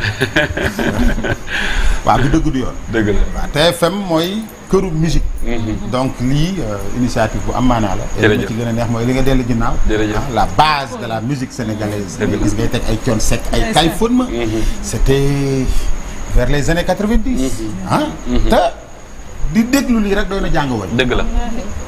waaw du dëgg du yoon. dëgg la waaw TFM mooy këru musique. Mm-hmm. donc lii euh, initiative bu am maanaa la. jërëjëf li neex mooy li nga dell ginnaaw. Ah, la base de la musique sénégalaise. nga gis ngay teg ay Thione Seck ay Kayfone ma. Mm-hmm. c'était vers les années quatre-vingt-dix. Mm-hmm. ah te. di déglu lii rek doy na jàng wala. dëgg la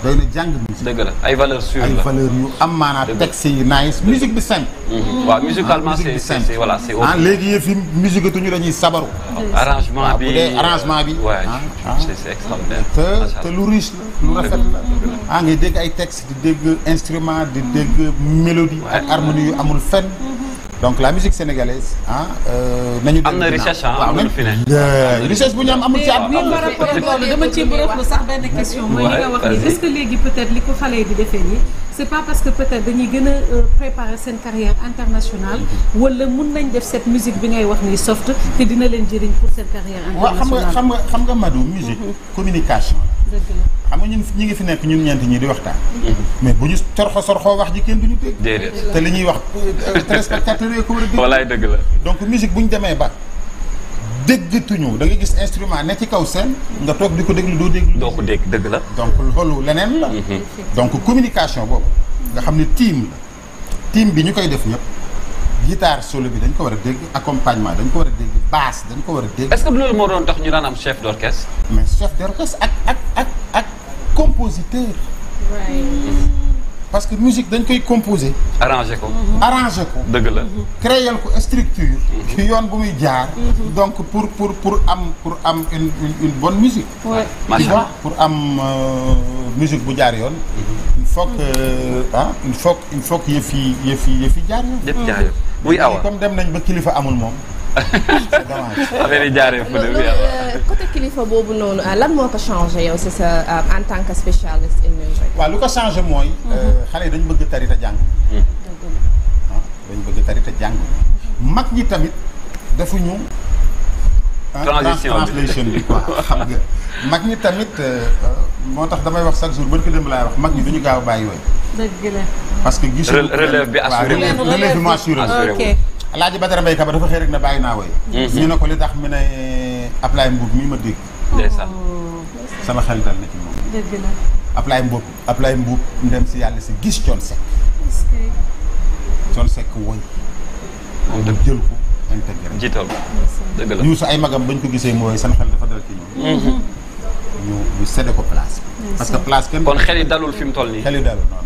doy na jàng musique. dëgg la ay valeurs ay valeurs yu am maanaam texte yi nice musique bi simple. Mhm. waaw musicalement c'est c'est voilà c'est ah léegi yëf yi musique tuñu dañuy sabaru. arrangement bi bu dee arrangement bi. waay ah, ah. te te lu riche la lu rafet la. ah ngay dégg ay texte di dégg instrument di dégg mélodie. ak harmonie yu amul fenn. donc la musique sénégalaise ah. nañu dem am na richesse ah am na fi ne euh, richesse bu ñu am amul ci àdduna. mais euh, par rapport ak loolu dama ci bërëb sax benn question. mooy li nga wax nii est-ce que léegi peut-être li ko xale yi di defee nii. c'est pas parce que peut-être dañuy gën a préparer seen carrière internationale wala mun nañ def cette musique bi ngay wax nii soft te dina leen jëriñ pour seen carrière internationale. waaw xam nga xam nga xam nga Madou musique mm-hmm. communication. dëgg la xam nga ñun ñi ngi fi nekk ñun ñeent ñi di waxtaan. Mm-hmm. mais bu ñu sorxo sorxoo wax ji kenn duñu dégg. te li ñuy wax téléspectateur dañoo couvrir dëgg walaay dëgg la donc musique bu ñu demee ba déggatuñu da ngay gis instrument ne ci kaw seen nga toog di ko déglu doo déglu doo ko dégg dëgg la donc loolu leneen la mhm. donc communication boobu nga xam ne team la team bi ñu koy def ñëpp guitare solo bi dañ ko war a dégg accompagnement dañ ko war a dégg basse dañ ko war a dégg est-ce loolu moo doon tax ñu daan am chef d'orchestre mais chef d'orchestre ak ak ak ak compositeur mhm. parce que musique dañ koy composer. arranger ko. Mhm. arranger ko. dëgg la. Mhm. créer ko structure. Mhm. yoon bu muy jaar. donc pour pour pour am pour am une une bonne musique. macha allah pour am euh, musique bu jaar yoon. il faut que ah il faut il faut que yëf yi yëf yi yëf yi jaar yoon. yëf jaar yoon comme dem nañ ba kilifa amul moom. affaire yi jaaree fu de euh, côté kilifa boobu noonu euh, la moo ko changé yow c'est ça euh, en tant que spécialiste émergé. waaw lu ko changé mooy. Mhm. xale yi dañu bëgg tari te jàng. Mhm. Ah, dañu bëgg tari te jàng mag ñi tamit defuñu. translation bi quoi xam nga mag ñi tamit moo tax damay wax chaque jour barki démb laay wax mag ñi duñu gaaw a bàyyi yooyu. dëgg la parce que. relève bi assuré relève bi moo Alaaji Badara Mbaye Kaba dafa xëy rek na bàyyi naa woy mhm. ñu ne ko li tax mu ne eh, Ablaye Mbuub mi ma dégg. Oh. ndeysaan sama xel dal na ci moom. dëgg la Ablaye Mbuub Ablaye ndem si yàlla si gis Thione sekk Thione Seck woy moom dem jël ko intégré. jiital ko dëgg la Youssou ay magam bañ ko gisee mooy sama xel dafa dal ci ñoom. Mhm. ñu ñu séddee ko place. parce que place kenn kon xel yi dalul fi mu toll nii. xel yi dalul non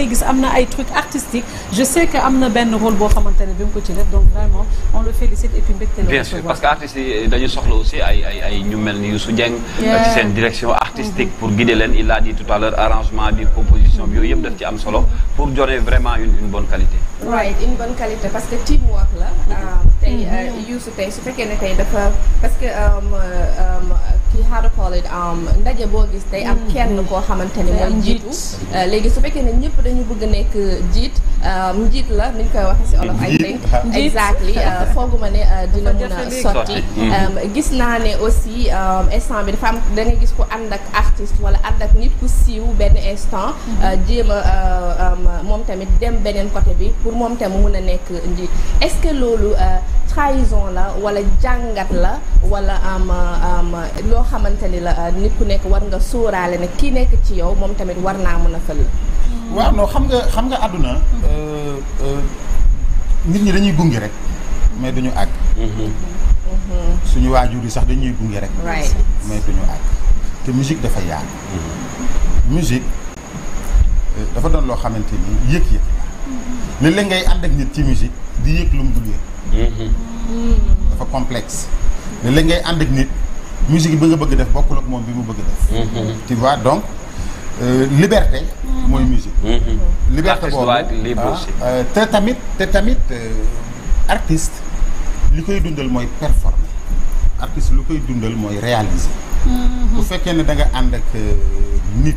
ngay gis am na ay trucs artistiques je sais que am na benn rôle boo xamante ne bi mu ko ci def donc vraiment on le félicite et puis mbégte la bien parce que artistes yi dañu soxla aussi ay ñu mel ni Youssou Dieng ci seen direction artistique pour guider leen il a dit tout à l'heure arrangement bi composition bi yooyu yëpp daf ci am solo pour donner vraiment une bonne qualité right une bonne qualité parce que tey Youssou tey su fekkee na tey dafa parce que kii how to ndaje boo gis tey am mm-hmm. kenn koo xamante ni mooy njiitu uh, léegi su fekkee ne ñëpp dañu bëgg nekk jiit um, njiit la niñ koy waxee si olof I think exactly uh, fooguma ne uh, dina mën a sotti mm-hmm. um, gis naa ne aussi um, instant bi dafa am da nga gis ku ànd ak artiste wala ànd ak nit ku siiw benn instant mm-hmm. jéem a moom tamit dem beneen côté bi pour moom tam mu mun a nekk njiit est loolu trahison la walla jàngat la wala am am loo xamante ni la euh, nit ku nekk war nga sóoraale ne kii nekk ci yow moom tamit war naa mën a fël. waaw non xam nga xam nga àdduna. Euh, euh, nit ñi dañuy gunge rek mais duñu àgg. Mm-hmm. suñu waajur yi sax dañuy gunge rek. mais duñu àgg te musique dafa yaatu. Mm-hmm. musique dafa doon loo xamante ni yëg-yëg la mm-hmm. léeg ngay ànd ak nit ci musique di yëg lu Mm-hmm. dafa complexe léeg-léeg ngay ànd ak nit musique bi nga bëgg def bokkul ak moom bi mu bëgg def mm-hmm. tu vois donc euh, liberté mooy musique mm-hmm. liberté boobu ah, euh, te tamit te tamit euh, artiste li koy dundal mooy performe artiste lu koy dundal mooy réaliser bu fekkee ne da nga ànd ak nit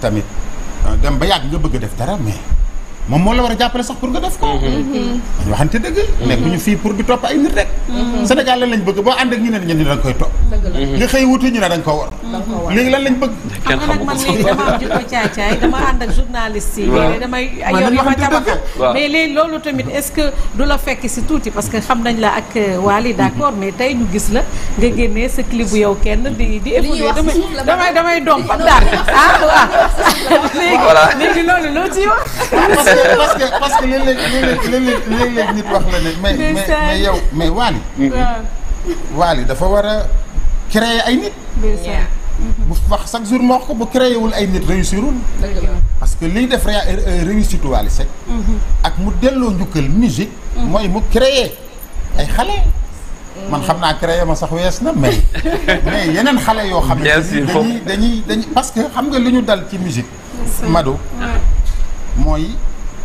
tamit dem ba yàgg nga bëgg def dara mais moom moo la war a jàppale sax pour nga def ko mhm. Mhm. dañu waxante dëgg mhm. nekk ñu fii pour di topp ay nit rek Sénégal la lañ bëgg boo ànd ak ñu ne ñu ne da nga koy topp nga xëy wuti ne da nga ko war léegi lan lañ bëgg. kenn xamu ko sax dama am jikko caacaay dama ànd ak journaliste yi. waaw damay yow ma tabaxal. mais loolu tamit est-ce que du la fekk si tuuti parce que xam nañ la ak euh, Wally mhm. d'accord mais tey ñu gis la nga génnee sa clip bu yow kenn di di évoluer damay damay damay domp daal ah waaw. léegi loolu loo ciy wax. parce que parce que léeg-léeg léeg-léeg léeg-léeg nit wax la ne mais mais yow mais Wally. Wally dafa war a créer ay nit. bu wax chaque jour ma wax ko bu créé wul ay nit réussirul parce que liy def euh, réussite Wally Seck mhm. ak mu delloo njukkal musique mhm. mooy mu créé ay xale mhm. man xam naa créé ma sax wees na mais yeneen xale yoo xam ne dañuy dañuy dañuy parce que xam nga lu ñu dal ci musique Mado mooy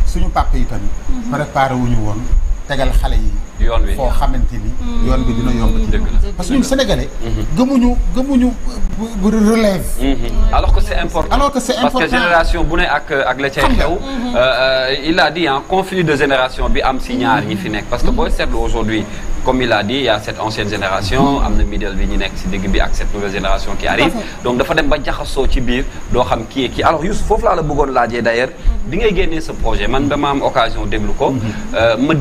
suñu papa yi tamit préparé wuñu woon tegal xale yi yoon wi foo xamante ni. Mm. yoon bi dina yomb ci parce que ñun sénégalais. Mm-hmm. gëmuñu gëmuñu relève. Mm-hmm. que c'est important parce que génération bu ne ak ak la cay xew. Mm-hmm. Euh, euh, il a dit un conflit de génération bi am si ñaar ñi fi nekk parce que booy seetlu aujourd'hui comme il a dit il y a cette ancienne génération am na middle bi ñu nekk si digg bi ak cette nouvelle génération qui arrive donc dafa dem ba jaxasoo ci biir doo xam kii kii alors Youssou foofu laa la bëggoon laajee d'ailleurs bi projet man dama am occasion déglu ko euh, ma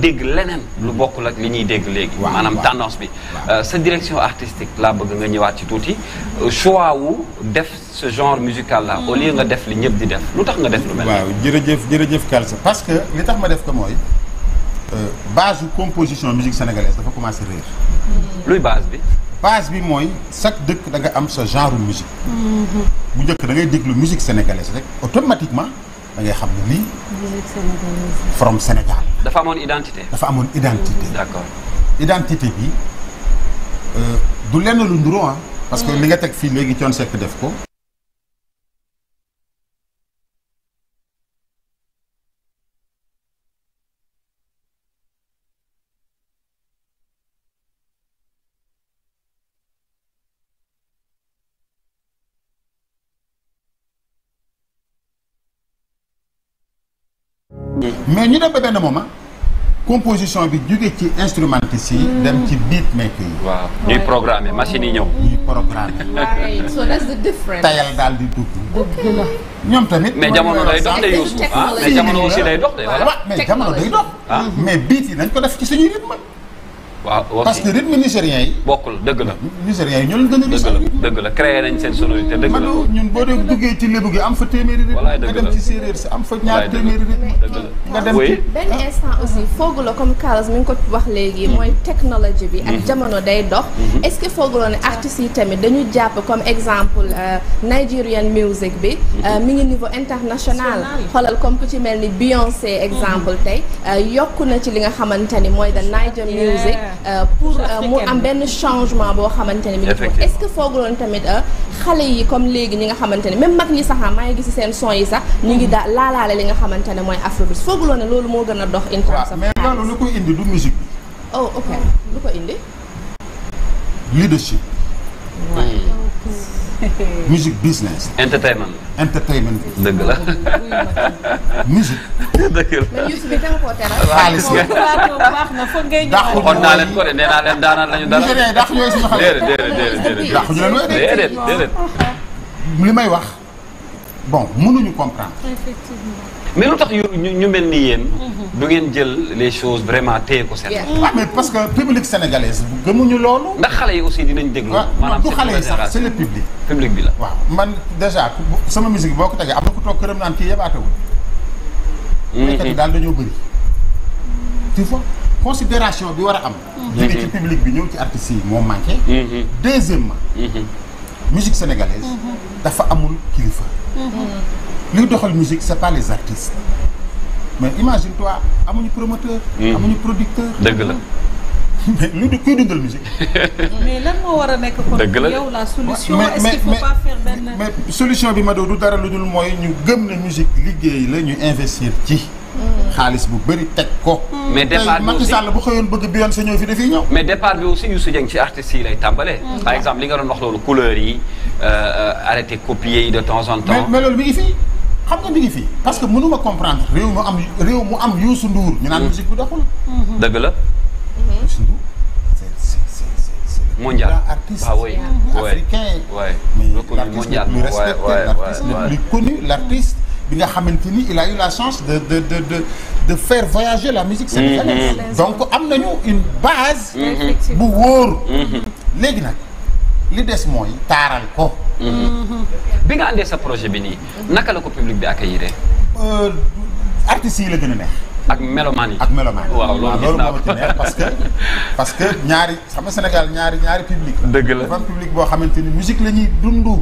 ak li ñuy dégg léegi maanaam tendance bi euh, sa direction artistique laa bëgg nga ñëwaat ci tuuti euh, choix wu def ce genre musical là au nga def li ñëpp di def lu tax nga def lu mel waaw jërëjëf jërëjëf Kalsa parce que li tax ma def ko mooy euh, base yu composition musique sénégalaise dafa commencé réer luy base bi base bi mooy chaque dëkk da nga am sa genre musique mm-hmm. bu njëkk da ngay déglu musique sénégalaise rek automatiquement da ngay xam ne lii. from Sénégal. dafa amoon identité. dafa amoon identité. d'accord identité bi euh, du lenn lu nduroo ah. parce que mm. li nga teg fii léegi Thione Seck def ko. mais ñu dem ba benn moment composition bi jóge ci instrumentiste yi. dem ci beatmaker yi. waaw ñuy programmer machine yi ñëw. ñuy programmer. waaye so that's tayal daal di dugg. dëgg la ñoom tamit. mais jamono day dox de ah, Youssou. Ah, mais jamono aussi day dox de voilà. mais jamono ah. yi nañ ko def ci suñu rythme. waaw parce que rythme nigérien yi. bokkul dëgg la. nigérien yi ñoo leen gën a. dëgg la dëgg la créé nañ dëgg la. ñun boo dee duggee ci lébu gi am fa téeméeri rythme. wallaay dëgg la dem fa ñaar téeméeri rythme. dëgg la nga benn instant aussi foogu comme Carlos mi ngi ko wax léegi hmm. mooy technologie bi. ak hmm. jamono day dox. Hmm. est-ce que foogu ne artistes yi tamit dañu jàpp comme exemple euh, Nigerian music bi. Euh, mi ngi niveau international. xoolal comme ku ci mel ni Beyoncé exemple tey euh, yokku na ci li nga xamante ni mooy the Nigerian music. Euh, pour euh, mu am benn changement boo xamante ne mi ngi est-ce que fooguloon tamit euh, xale yi comme léegi ñi nga xamante ne même mag ñi sax ah, maa ngi gis seen son yi sax ñu ngi daa laalaale li nga xamante ne mooy afrobeat fooguloon ne loolu moo gën a dox in terms mais loolu lu koy indi du musique bi oh ok lu ko indi leadership ouais. music business. entertainment. entertainment. dëgg la. music. dëgg la mais Youssou bi dama ko teral. xaalis nga baax na foog ngay ñëw. waxoon naa leen ko de nee naa leen daanaan lañu dara. déedéet dàq yooyu suñu xam. déedéet déedéet déedéet. dàq ñu leen wér. déedéet déedéet. li may wax bon mënuñu comprendre. effectivement. mais lu tax ñu ñu mel ni yéen. Mhm. du ngeen jël les choses vraiment téye ko seen. am ah, mais parce que public sénégalais gëmuñu loolu. ndax xale yi aussi dinañ déglu. Ah, maanaam du xale yi sax c'est le public. public bi la waaw man déjà sama musique boo ko tegee am na ku toog këram naan kii yebaatewul. Mhm. béykat yi daal dañoo bëri. tu vois considération bi war a am. jóge mhm. ci public bi ñëw ci artistes yi moo manqué. deuxièmement musique sénégalaise. dafa amul kilifa. liy doxal musique c'est pas les artistes mais imagine toi amuñu promoteur. Hmm. amuñu producteur. dëgg la. mais lu kuy dundal musique. mais lan moo war a nekk kon. dëgg la yow la solution. mais est-ce qu'il faut pas faire benn. mais solution bi ma doon du dara lu dul mooy ñu gëm na musique liggéey la ñu investir ci. Hmm. xaalis bu bëri teg ko. Hmm. mais départ bi aussi Macky Sall bu xëyoon bëgg bi yoon sa ñëw fi dafiy ñëw. mais départ bi aussi Youssou Dieng ci artistes yi lay tàmbalee. par exemple li nga doon wax loolu couleur yi euh, euh, arrêté copier yi de temps en temps. mais mais loolu mi ngi fii. xam nga mi ngi fii parce que mënuma comprendre réew mu am réew mu am Youssou Ndour ñu naan mm. musique bu doxul mm-hmm. dëgg la mm-hmm. Youssou Ndour mondial artiste ah, mm-hmm. africain ouais. connu l'artiste bi nga xamante ni il a eu la chance de de de de de faire voyager la musique sénégalaise mm -hmm. donc am nañu une base bu wóor léegi nag li des mooy taaral ko bi nga àndee sa projet bi nii naka la ko public bi accueillir euh, artistes yi la gën neex ak melomaan yi ak melomaan yi waaw loolu gis naa ko ci neex parce que parce que ñaari xam nga ñaari ñaari public dëgg la dafa am public boo xamante ni musique la ñuy dundu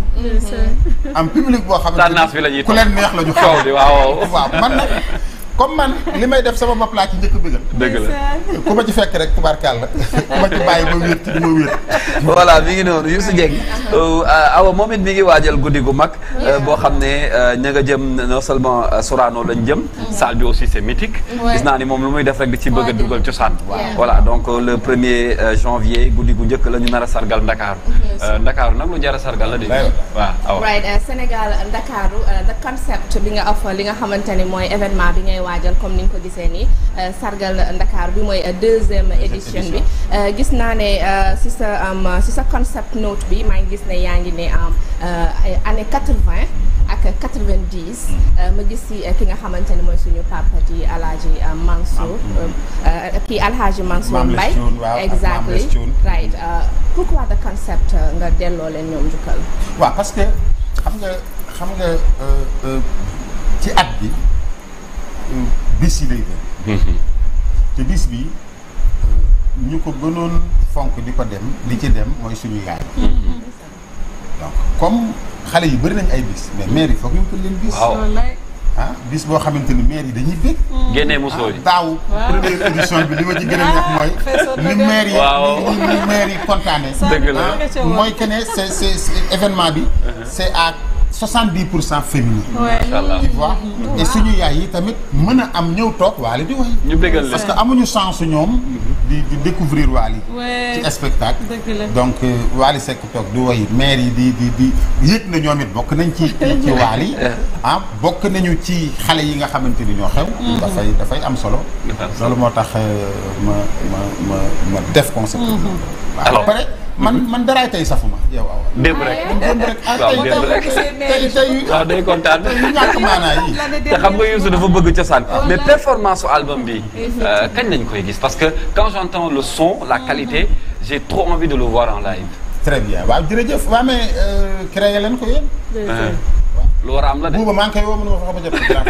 am public boo xamante ni tendance bi la ñuy ku neex la ñu xaw di waaw waaw man nag comme man li may def sama mop laa ci njëkk bëggal dëgg la ku ma ci fekk rek tubaarkaal la ku ma ci bàyyi ba wéet ci li ma wéet voilà mi ngi noonu Youssou Dieng euh, awa moom it mi ngi waajal guddi gu mag euh, boo xam ne euh, ña nga jëm non seulement Sorano lañ jëm mm. salle bi aussi c'est mythique gis naa ni moom lu muy def rek di ci bëgg a dugal cosaan voilà donc le premier janvier guddi gu njëkk la ñu nar a sargal Ndakaaru mm-hmm. Ndakaaru nag lu jar a sargal la dé waaw awa right li nga xamante waajal comme ni ñu ko gisee nii euh, sargal Ndakaar bi mooy euh, deuxième édition bi euh, gis naa ne si sa si sa concept note bi maa ngi gis ne yaa ngi ne année quatre-vingt ak quatre-vingt-dix mm. ma gis si ki nga xamante ne mooy suñu papa di Alhaji Mansour kii Alhaji Mansour Mbaye exactly right pourquoi the concept nga delloo leen ñoom njukkal waaw parce que xam nga xam nga ci at bi bis yi lay dem te bis bi ñu ko gënoon fonk di ko dem li ci dem mooy suñu yaay donc comme xale yi bëri nañ ay bis mais maire yi foog ñu ko leen ah, bis boo xamante ni maire yi dañuy bëgg. Mm. génnee musoo yi ah, daaw. bi li ma ci gën a neex ah, mooy. ni maire yi ni maire yi kontaane. la mooy que événement bi uh-huh. c'est à. 70 pour cent féminin. macha allah tu vois et suñu yaay yi tamit mën a am ñëw toog waale di way. ñu bégal leen parce que amuñu chance ñoom. di di découvrir waali ci spectacle. donc euh, waali sekk toog di way maire yi di di di yëg na ñoom it bokk nañ ci ci waali ah bokk nañu ci xale yi nga xamante ni ñoo xew. Mhm. dafay dafay am solo. solo moo tax euh, ma ma ma def concept. Mhm. alors après. man man daraay tey safuma yow awa. démb rek démb rek ah tey tey waaw day kontaan yu ñàkk maanaa yi te xam nga Youssou dafa bëgg cosaan mais performance su album bi euh, kañ lañ koy gis parce que quand j'entends le son la ah. qualité j'ai trop envie de le voir en live très bien waaw jërëjëf waaw mais euh, créé leen ko yéen euh. lu war a am la de. buuba maa ngi koy woo mën nga fa jot.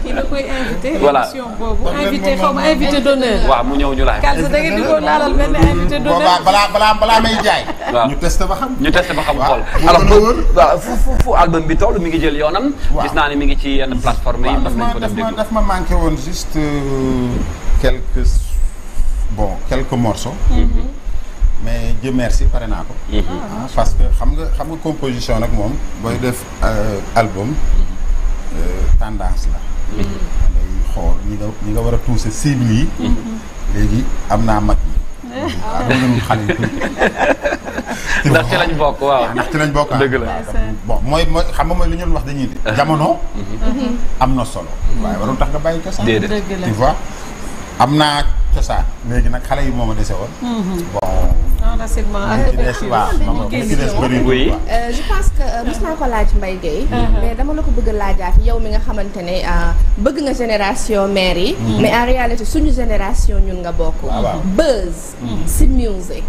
kii da koy invité. voilà émission boobu invité xaw ma invité d'honneur. waaw mu ñëw ñu laaj. Kalsa da ngeen di ko laalal benn invité d'honneur. balaa balaa balaa may jaay. waaw ñu testé ba xam. ñu testé ba xam xool. alors waaw fu fu fu album bi toll mi ngi jël yoonam. waaw gis naa ne mi ngi ci yenn plateforme yi. mën nañu ko dem déglu daf ma manqué woon juste euh, quelques bon quelques morceaux. Mm-hmm. mais Dieu merci pare naa ko. Mhm. Ah, parce que xam nga xam nga composition nag moom booy def euh, album mhm. euh, tendance la. da mhm. ngay xool ñi nga ñi war a touché cible yi. léegi am naa mag yi. waaw ah. ah, ndax ci lañ bokk waaw ndax ci lañ bokk dëgg la bon mooy mooy xam nga mooy li ñu wax dañuy. jamono. am na solo. waaye warul tax nga bàyyi ko sax. tu vois. am naa cosaan léegi nag xale yi moo ma dese woon. Mhm. Ah, je pense que euh, mos naa ko laaj Mbaye Gueye. Mhm. mais dama la ko bëgg laajaat yow mi nga xamante ne euh, bëgg nga génération mère yi. Mhm. mais en réalité suñu génération ñun nga bokk. Ah, buzz. si music.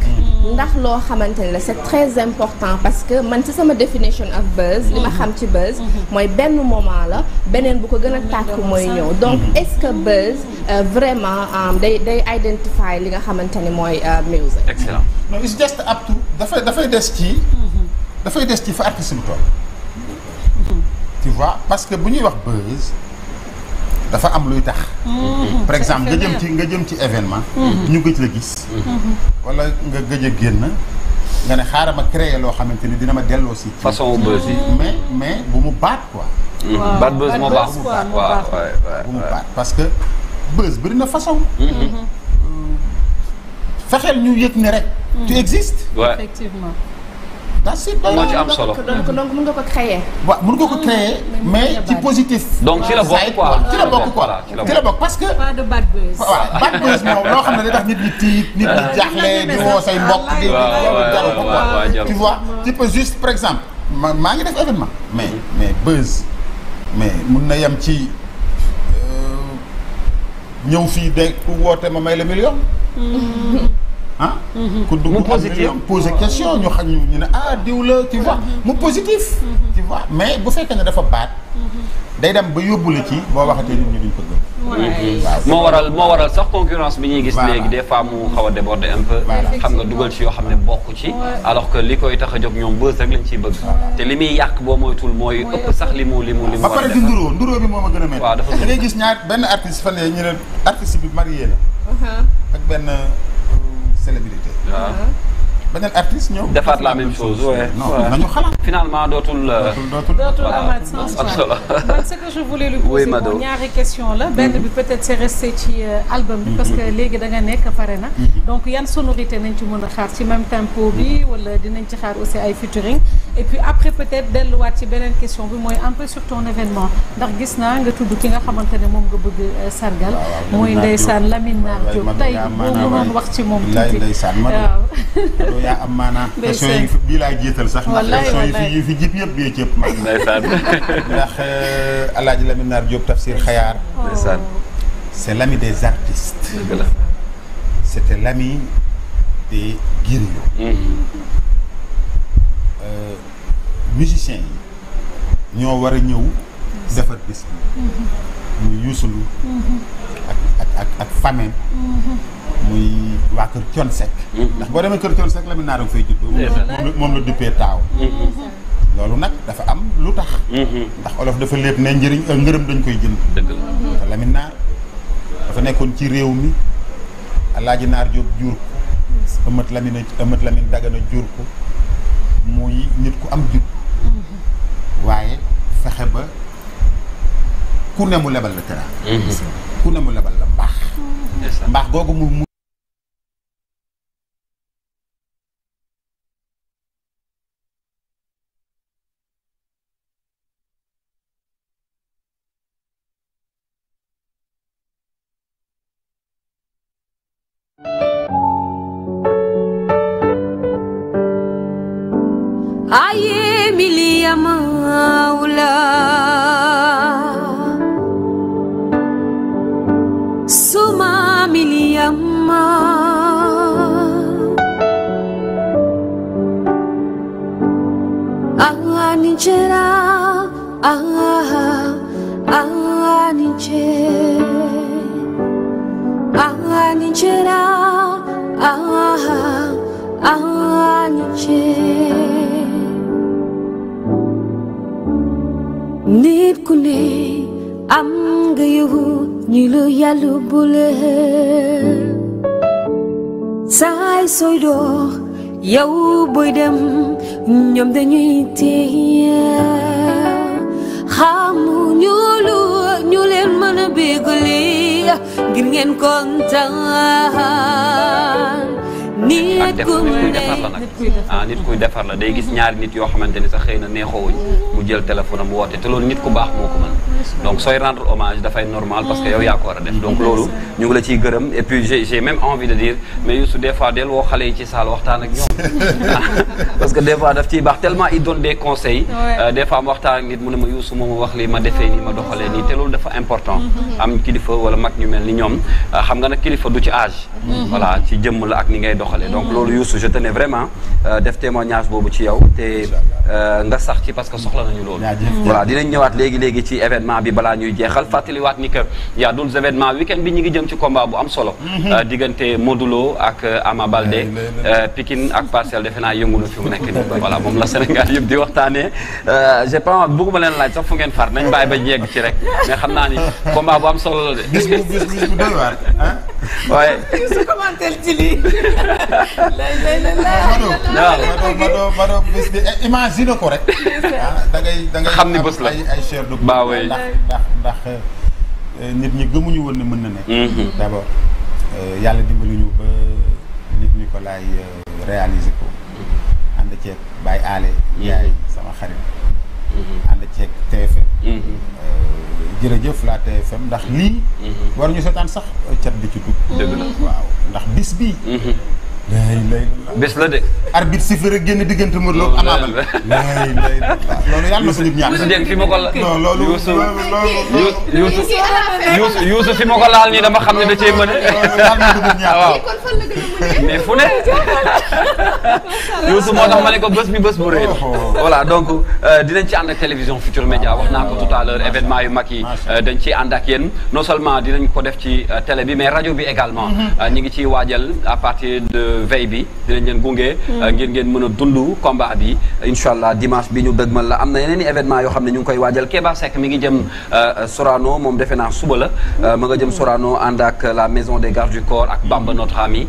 ndax loo xamante ne la c'est très important parce que man ci sama definition of buzz. li ma xam ci buzz. mooy benn moment la beneen bu ko gën a tàkk mooy ñëw donc est-ce que buzz euh, vraiment. vraiment day day identify li nga xamante ni mooy euh, music. excellent non it's just up to dafay dafay des ci. dafay des ci fa artiste bi toll. tu parce que bu ñuy wax buzz dafa am luy tax. Mhm. par exemple nga jëm ci nga jëm ci événement. Mhm. ñu gëj la gis. Mhm. wala nga gëj a génn. nga ne xaaral ma créer loo xamante ni dina ma delloo si. façon buzz yi mais mais bu mu baat quoi. baat buzz moo baax bu mu baat parce que. bës bëri na façon. Mm-hmm. fexeel ñu yëg ne rek. tu mm-hmm. existes. effectivement. that's it moo ci am solo donc donc mën nga ko créer. waaw mën nga ko créer mm-hmm. mais ci positif. donc ci la bokk quoi ci la bokk quoi ci la bokk parce que. pas de bad moom loo xam ne day tax nit ñi tiit nit ñi jaaxle di woo say di jaru ko quoi tu par exemple. ma maa ngi def événement. mais mais buzz mais mun na yem ci. ñëw fii de ku woote ma may la million mm-hmm. ah. ku dugg mu positif posé question ñu xam ñu ñu ne ah diw la tu vois mm-hmm. mu positif. Mm-hmm. tu vois mais bu fekkee ne dafa baat. day dem ba yóbbu ci boo waxatee nit ñi duñ ko moo waral moo waral sax concurrence bi ñuy gis. léegi des fois mu xaw a déborder un peu. xam nga dugal ci yoo xam ne bokk ci. alors que li koy tax a jóg ñoom bës rek lañ ciy bëgg. te li muy yàq boo moytul mooy ëpp sax li mu li mu. li mu ba pare di nduroo nduroo bi moom a gën a mel. waaw dafa da ñaar benn artiste fan yii ñu ne artiste bi marié la. Uh-huh. ak benn. célébrité. waaw. Ah. Mm-hmm. beneen artiste ñëw. defaat la même chose ouais. question la. benn bi mhm. peut-être c'est resté ci euh, album bi. Mhm. parce que léegi da nga nekk pare na. Mhm. donc yan sonorité nañ ci mën a xaar ci même tempo bi wala dinañ ci xaar aussi ay featuring. et puis après peut-être delluwaat ci beneen question bi mooy un peu sur ton événement ndax gis naa nga tudd ki nga xamante ne moom nga bëgg euh, sargal. mooy ndeysaan Lamine Nar Diop tey boo mënoon wax ci moom tuuti waaw. yaa am maanaa. question yi bii sax. wallaay ndax question yi fi jiit yëpp yee cëpp. ndeysaan ndax euh, El Hadj Lamine Tafsir Xayaar. ndeysaan. c' des artistes. dëgg la c' des griots. Mm-hmm. Euh, musiciens yi ñoo war a ñëw defar bis bi. Mm-hmm. muy Youssou ak ak ak ak muy waa kër Thione ndax boo demee kër Thione Seck la mu naarog fay judd moom la duppee taaw loolu nag dafa am lu tax ndax olof dafa lépp ne njëriñ euh, ngërëm dañ koy jënd dëgg la Lamine dafa nekkoon ci réew mi Alaaji Naar Jóob jur ko ëmat Lamine ëmat Lamine Dagana jur ko muy nit ku am jub mm-hmm. waaye fexe ba ku ne mu lebal la teraanga mhm. ku ne mu lebal la mbaax mbaax googu mu aye miliyama ula ah anice anicera ah anice nit ku ne am nga yow ñi la yàlla boole sooy dox yow booy dem ñoom dañuy téye xamuñu lu ñu leen mën a bégalee ngir ngeen kontaan ak def nit kuy defar la nag ah, nit kuy defar la day gis ñaari nit yoo xamante ni sax xëy na neexoowuñ mu jël téléphone am woote a def donc loolu ñu la ciy gërëm et puis j'ai j'ai même envie de dire mais Youssou des fois del woo xale yi ci saal waxtaan ak ñoom parce euh, mu waxtaan ak nit mu ne ma Youssou moom wax lii ma defee nii ma doxalee nii te loolu dafa important mm-hmm. am kilifa wala mag ñu mel ni ñoom euh, xam nga nag kilifa du ci âge mm-hmm. voilà ci jëmm la ak ni ngay dox doxalee donc loolu Youssou je tenais vraiment euh, def témoignage boobu ci yow te euh, nga sax ci parce que soxla nañu loolu voilà dinañ ñëwaat léegi léegi ci événement bi balaa ñuy jeexal fàttaliwaat ni que y a d'autres événements week-end bi ñu ngi jëm ci combat bu am solo mhm. euh, diggante Modou Lo ak Ama Baldé Pikine ak Parcelles defe naa yëngu na fi mu nekk nii voilà moom la Sénégal yëpp di waxtaanee j'ai pas bëgguma leen laaj sax fu ngeen far nañ bàyyi ba yegg ci rek mais xam naa ni combat am solo la de waaye Mado Mado bis bi imagine ko rek. da ngay da ngay xam ni bés la ay chair de poule ndax ndax nit ñi gëmuñu woon ne mën na nekk. d'abord yàlla dimbali ñu ba nit ñi ko laay réaliser ko. ànd ceeg Baye Allé. yaay sama xarit. ànd ceeg TFM. jërëjëf la TFM ndax lii. war ñu seetaan sax cat di ci dugg. dëgg la waaw ndax bis bii. bés la de. arbitre siffle rek génn diggante Modou Lo ak Ama Baldé. loolu yàlla na ko ñëpp ñaar. Youssou Dieng fi ma ko la non loolu. Youssou Youssou Youssou fi ma ko laal nii dama xam ne da cee mën a. Ah, waaw mais fu ne. Youssou moo tax ma ne ko bés bi bés bu rëy oh. voilà donc euh, dinañ ci ànd ak télévision Futur Média wax naa ko tout à l'heure événement yu mag yi euh, dañ ciy ànd ak yéen non seulement dinañ ko def ci euh, télé bi mais rajo bi également mm-hmm. ñi ngi ciy waajal à partir de veille bi dinañ leen gunge mm-hmm. ngeen ngeen mën a dund combat bi incha allah dimanche bi ñu dëgmal la am na yeneen i événement yoo xam ne ñu ngi koy waajal Kéba Seck mi ngi jëm Sorano moom defe naa suba la ma nga jëm mm-hmm. Sorano ànd ak la maison des gardes du ak Bamba notre ami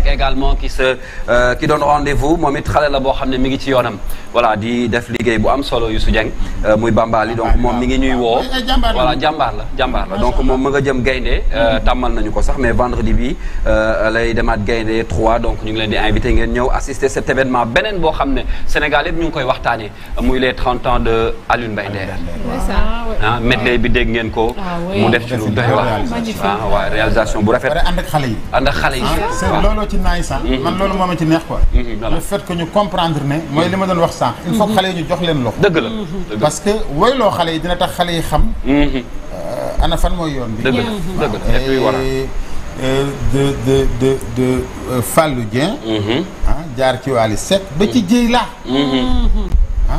Seck également qui se euh, qui donne rendez-vous moom it xale la boo xam ne mi ngi ci yoonam voilà di def liggéey bu am solo Youssou Dieng euh, muy Bambali donc moom mi ngi ñuy woo eh, eh, voilà jàmbaar la jàmbaar la donc moom ma nga jëm gaynde euh, hmm. tàmmal nañu ko sax mais vendredi bi lay demaat gaynde 3 donc ñu ngi leen di invité ngeen ñëw assister cet événement beneen boo xam ne Sénégal yëpp ñu ngi koy waxtaanee muy les 30 ans de Alioune Mbaye Nder ah medley bi dégg ngeen ko ah, mu def ci lu doy waar waaw ah, waaw réalisation bu rafet ànd ak xale yi ci naay sax mhm. man loolu moom a ci neex quoi mhm, le fait que ñu comprendre ne mooy li ma doon wax sànq il faut mhm. xale yi ñu jox leen loxo dëgg la parce que wayloo xale yi dina tax xale yi xam euh, ana fan mooy yoon bi dëgg la dëgg la euh, de de de de euh, ah, jaar ci Wally Seck ba ci Dieyla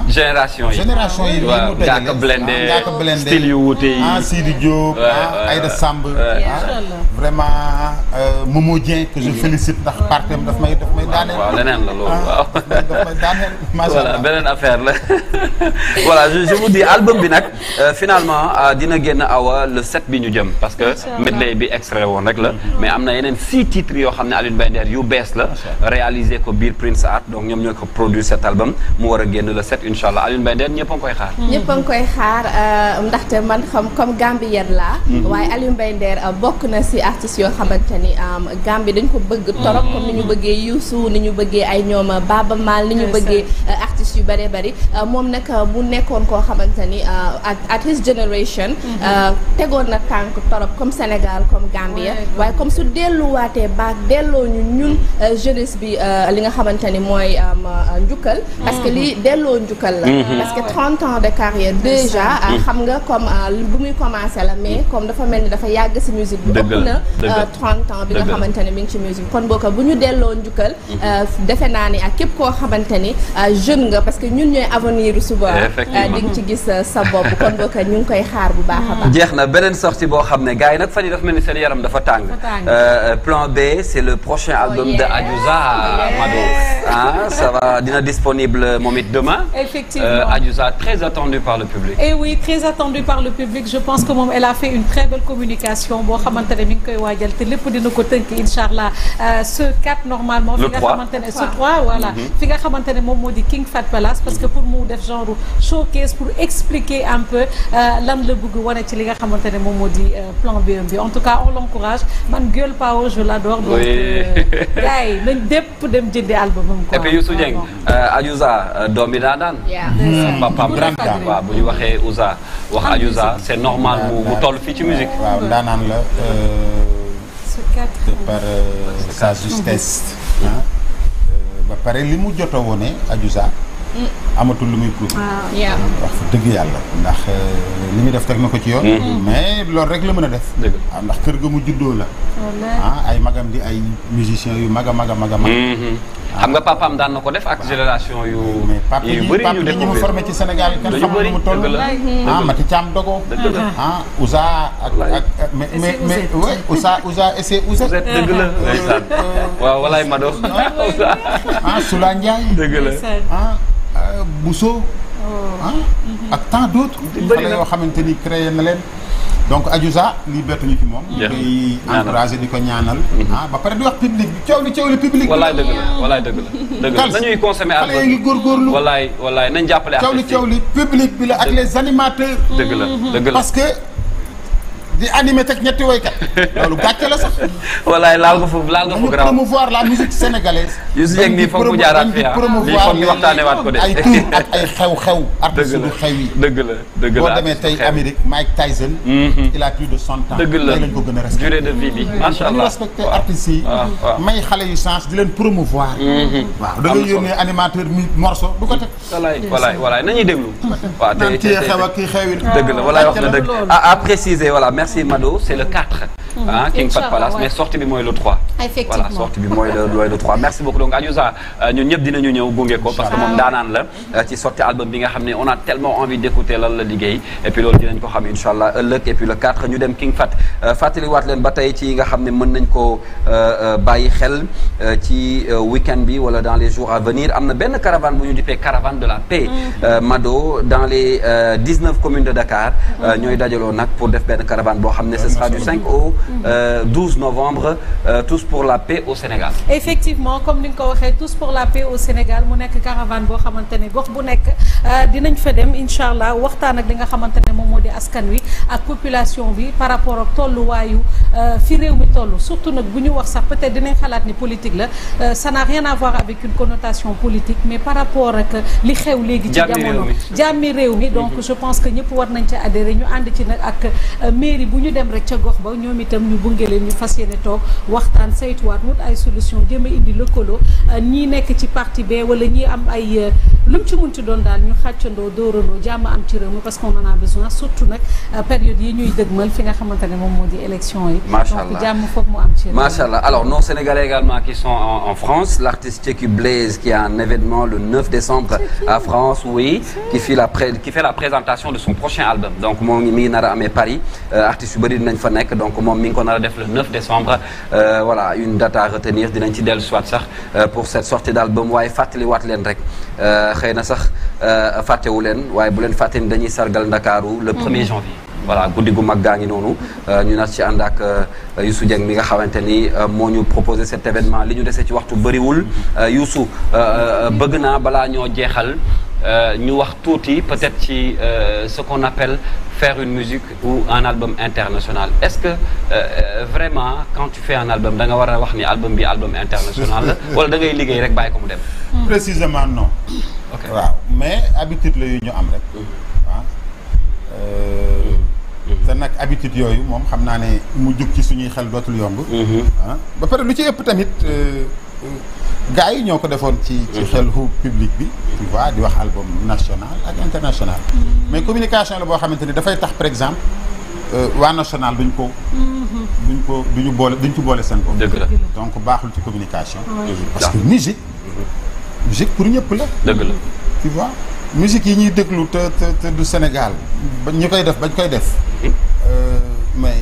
génération yi génération yi waaw Ngaaka Blindé Ngaaka ah, Blindé style yu wuute yi ah Sidi Diop ah Samb ah, vraiment euh, Momo Dieng que je félicite ndax partem daf may daaneel waaw leneen la loolu ah, waaw daf beneen affaire la voilà je vous dis album bi nag euh, finalement euh, dina génn awa le 7 bi ñu jëm parce que medley bi extrait woon rek la mais am na yeneen six titres yoo xam ne Alioune Mbaye Nder yu bees la réaliser ko biir Prince Art donc ñoom ñoo ko produire cet album mu war a génn le 7 2017 incha allah Alioune a ngi koy xaar. ñëpp a ngi koy xaar euh, ndaxte man xam comme Gambien laa. Mhm. waaye Alioune Mbaye euh, bokk na si artistes yoo xamante ni Gambie dañ ko bëgg torop mhm. comme ni ñu bëggee Youssou ni ñu bëggee ay ñoom euh, Baba Maal ni ñu bëggee artistes yu bëree bëri moom nag mu nekkoon koo xamante ni at his generation. Mhm. tegoon na tànk torop comme Sénégal comme Gambia waaye comme su delluwaatee baax delloo ñu ñun jeunesse bi li nga xamante ni mooy njukkal parce njukkal la mhm. parce que 30 ans de carrière déjà ah, mhm. xam nga comme ah, bu muy commencé la mais comme dafa mel ni dafa yàgg si musique bi ëpp na 30 euh, bi nga xamante ne mi ngi ci musique kon boo ko bu ñu delloo njukkal mhm. euh, defe naa ni ak képp koo xamante ni ah, jeune nga parce que ñun ñooy avenir suba euh, di nga ci gis sa bopp kon boo ko ñu ngi koy xaar bu baax a baax jeex na beneen sortie boo xam ne gars yi nag fan yi dafa mel ni seen yaram dafa tàng plan B c'est le prochain album oh, de Adiouza oh, Mado ah ça dina disponible moom it demain Effectivement. Euh, Adiouza, très attendue par le public. Et eh oui, par le public. Je pense que elle a fait une très belle communication boo xamante ne mi ngi koy waajal te lépp dina ko tënk allah euh, ce 4 normalement. fi nga xamante ne ce 3 voilà. parce que pour mu def genre showcase pour expliquer un peu euh, lan la bëgg wane ci li nga xamante ne moom moo di plan B bi en tout cas on l'encourage man Gueule Pao je l'adore. donc gars yi nañ dépp dem reetaan mm. papaam waaw bu ñu waxee ousa wax ajousa c'est normal mu mu toll fii ci musique waaw ndaanaan la euh, par euh, sa justesse mm. ah. euh, ba pare li mu jot a wone ajousa mm. amatul lu muy prouvé. Ah, wax dëgg yàlla. ndax li muy def teg na ko ci yoon. mais loolu rek la mën a def. dëgg ah, ndax kër ga mu juddoo la. ay magam di ay musiciens yu mag a mag a mag. Mm-hmm. xam nga papaam daan na ko def ak génération yu. yu bëri yu def ko ci Sénégal kenn xamul mu toll. ah Mati Thiam Dogo. ah Ouza ak ak eh, mais mais mais oui la euh, ndeysaan euh, waaw walaay Mado. ah Sula Ndiaye. dëgg ah, euh, oh. ah, ak tant d'autres. yoo xamante ni créé na leen. donc Adiouza lii bettuñu ci moom. jeex na di ko ñaanal. Mhm. Ah, ba pare di wax public bi coow li coow li public bi. walaay dëgg la walaay dëgg la. dëgg la nañuy consommer alcool xale yi ngi góorgóorlu. walaay walaay nañ jàppale. artistes yi coow li coow li public bi la ak les animateurs. dëgg la dëgg la que. di animé teg ñetti woykat la sax. walaay la musique sénégalaise. yu si yegg nii foog mu jaaraat fi ah de. ay tur ak ay xew-xew. artiste la dëgg la boo demee tey Amérique Mike mhm. a la a de vie bi macha allah dañu respecté artistes yi. may xale yu chance di leen promouvoir. Mhm. da ngay yónnee animateur mi morceau du ko teg. walaay walaay walaay nañuy déglu. waaw tey tey tey naan kii xew ak dëgg la walaay wax na dëgg ah, à préciser voilà Massimado c'est le 4 ah King Fahd Palace mais sortie bi mooy le 3. effectivement voilà sortie bi mooy le mooy le 3 merci beaucoup donc Adiouza euh, ñun ñëpp dinañu ñëw gunge ko. parce que moom daanaan la euh, ci sortie album bi nga xam ne on a tellement envie d'écouter lan la liggéey et puis loolu ko xam incha allah ëllëg et le 4 ñu dem King Fahd euh, ba tey ci nga xam ne mën nañ ko bàyyi xel ci week-end bi wala dans les jours à venir am na benn caravane bu ñu dippee caravane de la paix. Mhm. Mado dans les 19 communes de Dakar. Mhm. ñooy dajaloo nag pour def benn caravane boo xam ne ce sera du 5 euh, 12 novembre euh, tous pour la paix au Sénégal. effectivement comme ni nga ko waxee tous pour la paix au Sénégal mu nekk caravane boo xamante ne gox bu nekk euh, dinañ fa dem incha allah waxtaan ak li nga xamante ne moom moo di askan wi ak population bi par rapport ak tolluwaayu euh, fi réew mi toll surtout nag bu ñu wax sax peut-être dinañ xalaat ni politique la euh, ça n'a rien à voir avec une connotation politique mais par rapport ak li xew léegi. ci jamono jàmmi réew mi donc mhm. je pense que ñëpp war nañ ca adhérer ñu ànd ci nag ak mairie bu ñu dem rek ca gox ba ñoom itam ñu bunge leen ñu fas yéene toog waxtaan saytuwaat wut ay solution jéem indi lëkkaloo euh, ñii nekk ci parti bee wala ñii am ay euh, lu mu ci munti doon daal ñu xàccandoo dóorandoo jàmm am ci réew mi parce qu'on en a besoin surtout nag euh, période yi ñuy dëgmal fi nga xamante ne moom moo di élection yi. macha allah donc jàmm foog mu am ci réew macha allah alors nos Sénégalais également qui sont en, en France l'artiste Tchéky Blaise qui a un événement le 9 décembre à France oui qui fait la a amee Paris artistes moom mi ngi ko nar a def le 9 décembre euh, voilà une date à retenir dinañ ci dellu soit sax euh, pour cette sortie daal ba mu waaye fàttaliwaat leen rek euh, xëy na sax fàttewu leen waaye bu leen fàtte ni dañuy sargal Ndakaaru le 1 mm. janvier voilà guddi gu mag gaa ngi noonu ñu nat ci ànd ak Youssou Dieng mi nga xamante ni moo ñu proposé cet événement li ñu dese ci waxtu bëriwul Youssou bëgg naa balaa ñoo jeexal Euh, ñu wax tuuti peut-être ci euh, ce qu'on appelle faire une musique ou un album international est-ce que euh, vraiment quand tu fais un album da nga war a wax ni album bi album international la wala da ngay liggéey rek bàyyi ko mu dem hmm. précisément non waaw mais habitude la yu ñu am rek hmm. ah hmm. te nag habitude yooyu moom xam naa ne mu jug ci suñuy xel dootul yomb ah. ba pare lu ci ëpp tamit gars yi ñoo ko defoon ci ci mhm. xelu public bi tu vois di wax album national ak international mhm. mais communication la boo xamante ni dafay tax par exemple euh, waa national duñ ko mhm. duñ ko duñu boole duñ ci boole seen bopp donc baaxul ci communication parce que musique musique pour ñëpp la dëgg la tu musique yi ñuy déglu te te du Sénégal ñu koy def bañ koy def euh, mais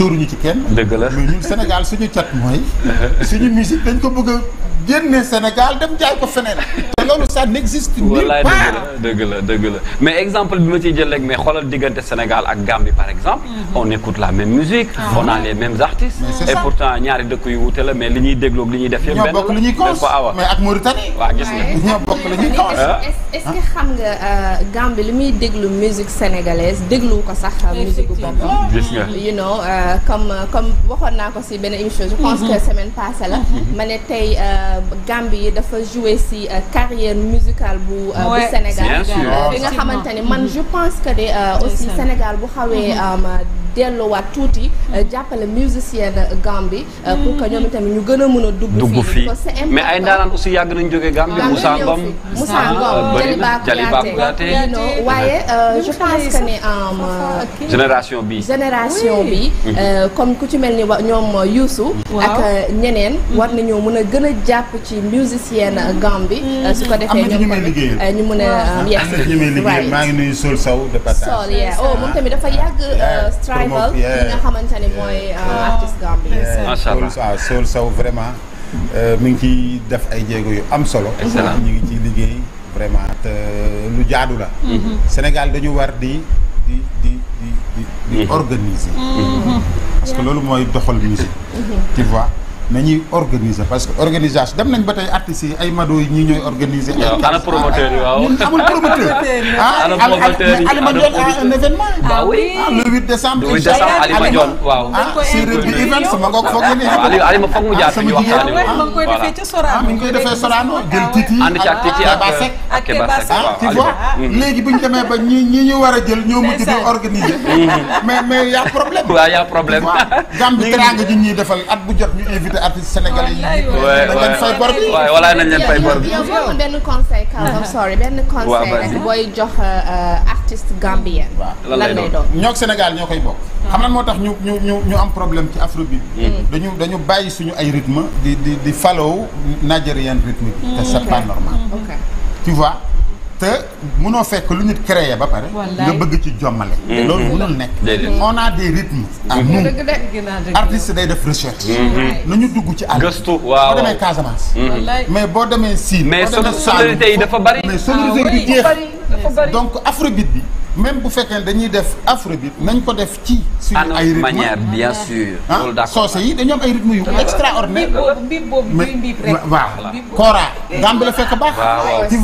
ñu ci kenn. dëgg la mais ñun Sénégal suñu cat mooy. suñu musique dañ ko bëgg a génne Sénégal dem jaay ko feneen. te loolu ça n'existe nulle part dëgg la dëgg la mais exemple bi ma ciy jël rek mais xoolal diggante Sénégal ak Gambie par exemple. Mhm. on écoute la même musique. Ah. on a les mêmes artistes. et pourtant ñaari dëkk yu wuute la mais li ñuy déglu ak li ñuy def yëpp. benn la ñoo bokk awa mais ak Mauritanie. waaw gis nga ñoo bokk li ñuy cons. est-ce que ah. xam nga euh, Gambie li muy déglu musique sénégalaise déglu ko sax euh, musique bu boppam. gis nga you know euh, comme comme waxoon naa ko si benn émission. je pense mhm. que semaine passée la mhm. ma ne tey. Gambie dafa jouer ci euh, carrière musicale bu euh, bu Sénégal bi nga xamante ni man je pense que de euh, aussi Sénégal bu xawee mm-hmm. delluwaat tuuti mm-hmm. jàppale musicien Gambie pour que mm-hmm. ñoom itamit ñu gën a mën a dugg fii mais ay ndaanaan aussi yàgg nañ jógee Gambie Moussa Ngom Moussa ah, Ngom Jaliba Kouyaté waaye je pense que ne um, génération bi génération bi comme ku ci mel ni ñoom Youssou ak ñeneen war nañoo mën a gën a Mm-hmm. su ko defee ñu mën a ñu mën am na may liggéeyal maa ngi nuyu Sol Sow de partage. Sol yeah oh moom tamit dafa yàgg. Euh, strival bi nga xamante mooy euh, artiste Gambie. Ah, Sol Sow vraiment euh, mi ngi ciy def ay jéego yu am solo. ñu ngi ciy liggéey vraiment te lu jaadu la. Mm-hmm. Sénégal dañu war di di di di di mm-hmm. organiser. parce que loolu mooy doxal musique. tu vois. nañuy organiser parce que organisation dem nañ ba tey artistes yi ay mado yi ñii ñooy organiser. ana promoteur yi waaw amul promoteur. ah ana promoteur yi Alima Ndione a un événement. ah oui ah, le 8 décembre. le 8 décembre Alima Ndione waaw. ah séeréer bi event sama ngoog foog nga nii. Ah, Alima foog mu jaar ah, fi ñu waxtaanee woon voilà ah mi ngi koy defee Sorano jël titi. ànd ci ak titi ak Kéba Seck euh, ah tu vois. Mm-hmm. léegi bu ñu demee ba ñi ñi ñu war a jël ñoo mujj di organiser. Mm-hmm. mais mais y' a problème. waaw y' a problème. Gambie teranga ji ñuy defal at bu jot ñu invité diggante artiste sénégalais yi. waay nañ leen fay bor bi. yow yow benn conseil Kaaw. I'm sorry benn conseil rek booy jox euh, euh, artiste gambien. lan lay doon ñoog Sénégal ñoo koy bokk. Ah. xam na moo tax ñu ñu ñu ñu am problème ci afrobeat bi. Mm. dañu dañu bàyyi suñu ay rythme di di di follow nigérian rythme bi. Mm, te c'est pas normal. Mm, tu vois. te munoo fekk lu nit créé ba pare. nga bëgg ci jommale. Mm-hmm. loolu munul nekk. on a des rythmes. Mm-hmm. ak ñun artiste day def recherche. Mm-hmm. nu ñu dugg ci àll. gëstu waaw boo demee Casamance. mais boo demee Sine. mais sonorité yi ah, dafa bari. mais sonorité yi donc afrobeat bi. même bu fekkee dañuy def afrobeat nañ ko def ci. suñu ay rythmes ah. Ah, soose yi dañoo ay rythmes yu extraordinaire. biib boobu biib waaw. kora. gàmb fekk baax. tu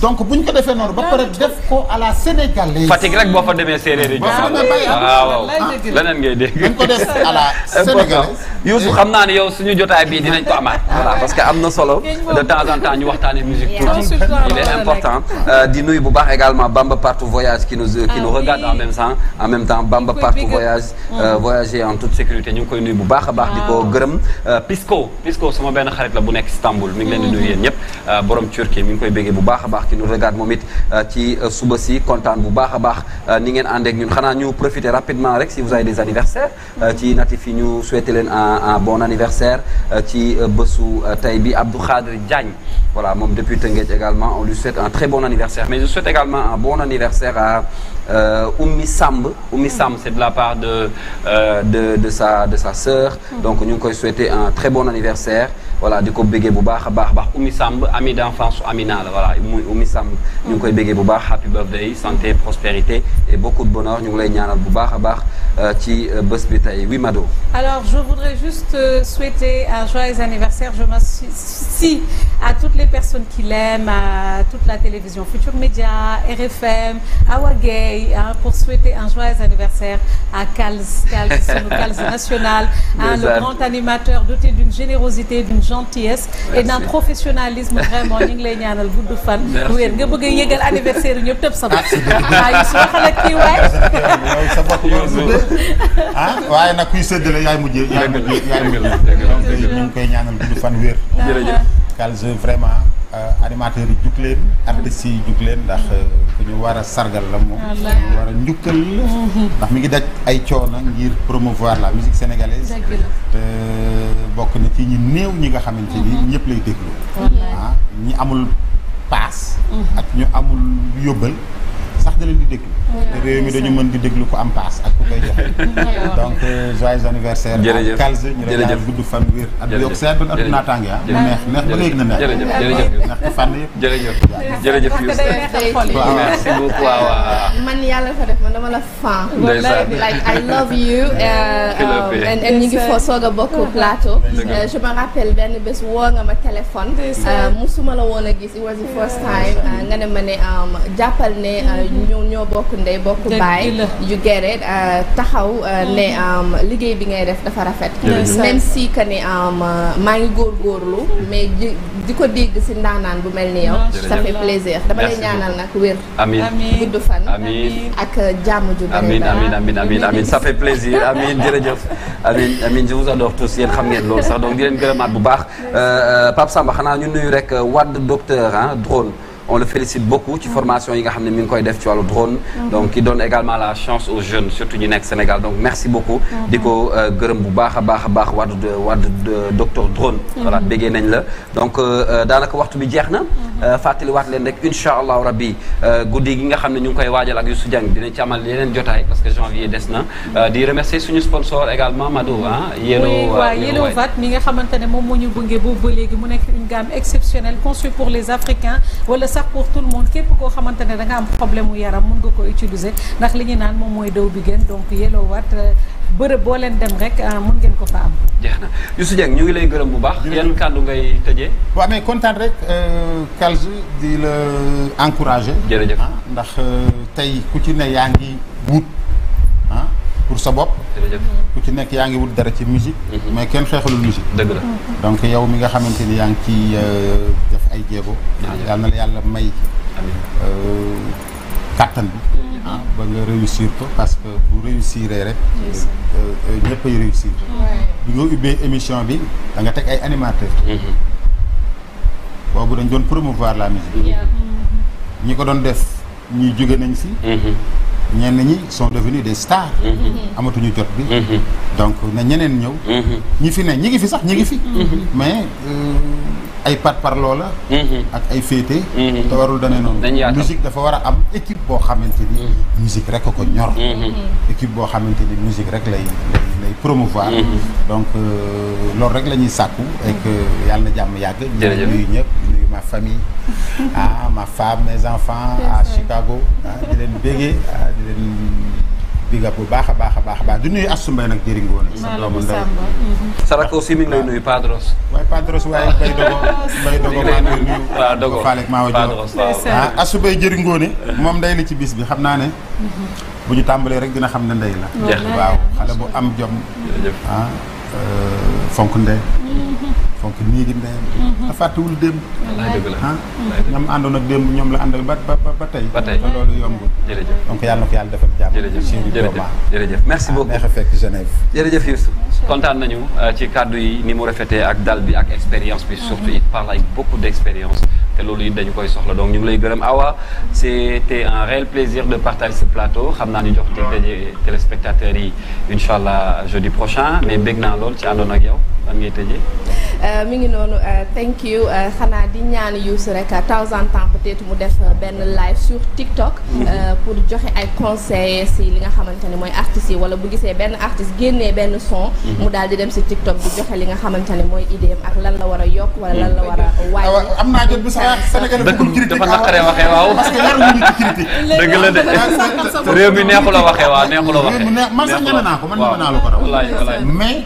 donc bu ñu ko defee noonu ba pare def ko à la sénégalaise. Fatick rek boo fa demee séeréer yi. boo fa demee bay ah. ah, leneen ngay dégg. dañ ko def à la sénégalaise. naa ne yow suñu jotaay bii dinañ ko amaat. voilà parce que am na solo de temps en temps ñu waxtaanee musique tuuti il est important euh, di nuyu bu baax également Bamba Partout Voyage qui nous qui ah nous regarde en même temps en même temps Bamba Partout Voyage euh, mm. voyager en toute sécurité ñu ngi koy nuyu bu baax a baax di ko gërëm euh, Pisco Pisco sama benn xarit la bu nekk Istanbul mi ngi leen di mm. nuyu yéen ñëpp borom Turquie mi ngi koy béggee bu baax a baax baax qui nous regarde moom it euh, ci euh, suba si kontaan bu baax a baax euh, ni ngeen ànd ñun xanaa ñu profiter rapidement rek si vous avez des anniversaires ci natif ñu souhaiter leen un bon anniversaire ci bésu tey bi Abdou Khadri Diagne voilà moom depuis Tëngéej également on lui souhaite un très bon anniversaire mais je souhaite également un bon anniversaire à Oumi Samb Oumi Samb c'est de la part de de de sa de sa sœur donc ñu ngi koy souhaiter un très bon anniversaire voilà di ko béggee bu baax a baax baax Oumy Samb ami d'enfance Amina la voilà muy Oumy Samb ñu ngi koy béggee bu baax happy birthday santé prospérité et beaucoup de bonheur ñu ngi lay ñaanal bu baax a baax euh, ci euh, bés bi tey oui Mado alors je voudrais juste euh, souhaiter un joyeux anniversaire je m'associe à toutes les personnes qui l'aiment à toute la télévision Futur Média RFM Awa Gueye pour souhaiter un joyeux anniversaire à Kals Kals sunu Kals national le grand animateur doté d'une générosité d'une gentillesse et d'un professionnalisme vraiment ñu ngi lay ñaanal gudd fan wér nga bëgg a yëgal anniversaire ñëpp tëb sa bopp waaw yu su waxal ak kii waay sa bopp ah waaye nag kuy séddale yaay mujj yaay mujj yaay mujj ñu ngi koy ñaanal gudd fan wér Calze vraiment euh, animateur yi jug leen artistes yi jug leen ndax euh, ku ñu war a sargal la moom ñu war a njukkal mm-hmm. ndax mi ngi daj ay coono ngir promouvoir la musique sénégalaise te bokk na ci ñi néew ñi nga xamante ni mhm. ñëpp lay déglu ah ñi amul paas mhm. ak ñu amul yóbbal sax da leen di déglu réew mi dañu mën di déglu ku am paas ak ku koy joxe donc euh, joyeux anniversaire jërëjëf Kalz ñu la daal gudd fan wér at bu yokk seet at bu naataange ah mu neex neex ba nga yëg na neex neex ci fànn yëpp jërëjëf man yàlla fa def man dama la fan like I love you euh, euh, and ñu ngi foo soog a bokk plateau je me rappelle benn bés woo nga ma téléphone musuma la woon a gis it was the first time nga ne ma ne um, jàppal ne ñoo ñoo bokk day bokk baay you get it euh, taxaw euh, mm-hmm. ne um, liggéey bi ngay def dafa rafet même si que ni um, maa ngi góorgóorlu mm-hmm. mais di ko dégg si ndaanaan bu mel ni yow ça fait plaisir dama lay ñaanal nag wér amiin gudd fan ak jàmm ju bëri amiin amiin amiin amiin amiin ça fait plaisir amiin jërëjëf amiin amiin je vous adore tous yéen xam ngeen loolu sax donc di leen gërëmaat bu baax euh, Pape Samba xanaa ñu nuyu rek wadd docteur ah drone on le félicite beaucoup ci formation yi nga xam ne mi ngi koy def ci wàllu drone mhm. donc qui donne également la chance aux jeunes surtout nekk Sénégal donc merci beaucoup mhm. di ko euh, bu baax a baax a baax Wade Wade docteur drone mhm. voilà béggee nañ la donc euh, euh, daanaka waxtu bi jeex na fàttaliwaat leen rek incha allahu rabbi guddi gi nga xam ne ñu ngi koy waajal ak Youssou Dieng dinañ ci amal yeneen jotaay parce que janvier des na di remercier suñu sponsor également Madou ah yéen waaw yéen VAT mi moo ñu gunge boobu sax pour tout le monde képp koo xamante ne da nga am problème mu yaram mun nga ko utiliser ndax li ñu naan moom mooy daw bi gën donc yelloo waat euh, bërëb boo leen dem rek euh, mun ngeen ko fa am. jeex na Youssou Dieng ñu ngi lay gërëm bu baax. yan kàddu ngay tëjee. waaw mais kontaan rek euh, Kalji di la encourager. jërëjëf ah, ndax tey ku ci ne yaa ngi wut. pour sa bopp. ku ci nekk yaa ngi wut dara ci musique mhm. mais kenn xeexalul musique dëgg la donc yow mi nga xamante ni yaa ngi ci euh, def ay jéego. yal na la yàlla may. Euh, kàttan bi. Mhm. Ah, ba nga réussir ko parce que bu réussir rek. Euh, ñëpp ay réussir. bi nga ubbee émission bi danga teg ay animateurs. Mhm. boobu dañ doon promouvoir la musique ñi ko doon def ñi jóge nañ si ñenn ñi sont devenus des stars. Mm-hmm. amatuñu jot bi. Mm-hmm. donc na ñeneen ñëw. Mm-hmm. ñi fi ne ñi ngi fi sax ñi ngi fi. mais euh, ay pat par loola. ak ay féete. te warul dane noonu. musique dafa war a am équipe boo xamante ni. musique rek ko ñor. équipe boo xamante ni musique rek lay lay promouvoir. donc euh, loolu rek lañuy ñuy sàkku. et yàlla na jàmm yàgg. jërëjëf ñu nuyu ñëpp nuyu ma famille. ah ma femme mes enfants à Chicago ah di leen béggee ah, di leen big up bu baax a baax a baax a baax di nuyu Assou Mbaye nag jëriñ woon. sa doomu ndaw Sarako aussi mi ngi lay nuyu Padros. waaye Padros waaye Mbaye Dogo Mbaye Dogo maa ngi nuyu. waaw Dogo ah, moom ndey la ci bis bi xam naa ne. Mhm. bu ñu tàmbalee rek dina xam ne ndey la. waaw xale bu am jom. ah. Euh, fonk ndey fonk néegi ndeyam. Mhm. fàttewul démb. ah ñoom àndoon ak démb ñoom la àndal ba ba ba tey. ba tey loolu yombul. jërëjëf donc yàlla na ko yàlla defal jàmm. jërëjëf jërëjëf jërëjëf merci ah, beaucoup neex a fekk Genève. jërëjëf Youssou kontaan nañu euh, ci kàddu yi ni mu rafetee ak dal bi ak expérience bi surtout il parle avec beaucoup d' expérience te loolu it dañu koy soxla donc ñu ngi lay gërëm Awa c' était un réel plaisir de partager ce plateau xam naa ñu jox te téléspectateurs yi incha allah jeudi prochain mais bég naa lool ci àndoon ak yow lan ngay tëjee. Euh, ngi noonu euh, thank you euh, xanaa di ñaan Youssou rek temps en temps peut mu def benn live sur TikTok. Mhm. pour joxe ay conseils si li nga xamante ni mooy artistes yi wala bu gisee benn artiste génnee benn son. Mhm. mu daal di dem si TikTok bu joxe li nga xamante ni mooy idéem ak lan la war a yokk wala lan la mhm. war a. waaye am naa jot bu sax Sénégal dafa naqaree waxee waaw. parce que yaruñu dëgg la de réew mi neexu la waaw neexu la waxee. neexu la ko man ñeme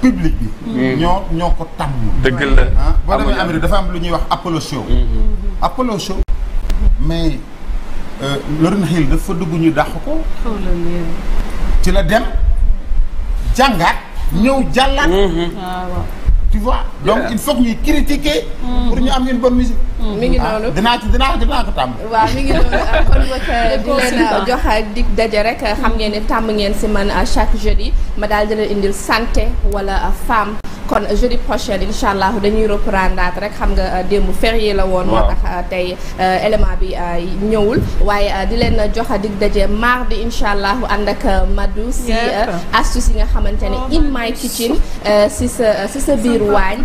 public bi. Mm. ñoo ñoo ko tàmm. dëgg la ah boo demee dafa am lu ñuy wax Apollo show. Mm-hmm. Mm-hmm. Apollo show mais euh, Lauryn Hill dafa dugg ñu dàq ko. ci la dem jàngaat ñëw jàllaat. Mm-hmm. Ah, tu vois donc il critiquer mm. pour am une bonne musique mm. mi ngi noonu ah, dinaa ci dinaa ko tàmm waaw mi ngi noonu ah, kon euh, di leen euh, joxa euh, di daje rek xam ngeen ne tàmm ngeen si man chaque jeudi ma daal di leen indil santé wala femme kon jeudi prochain incha allah dañuy reprendre rek xam nga démb férié la woon. moo tax tey élément bi ñëwul. waaye di leen jox dig daje mardi incha allah ànd ak Madou. si astuce yi nga xamante ne oh, in my kitchen si sa si sa biiru waañ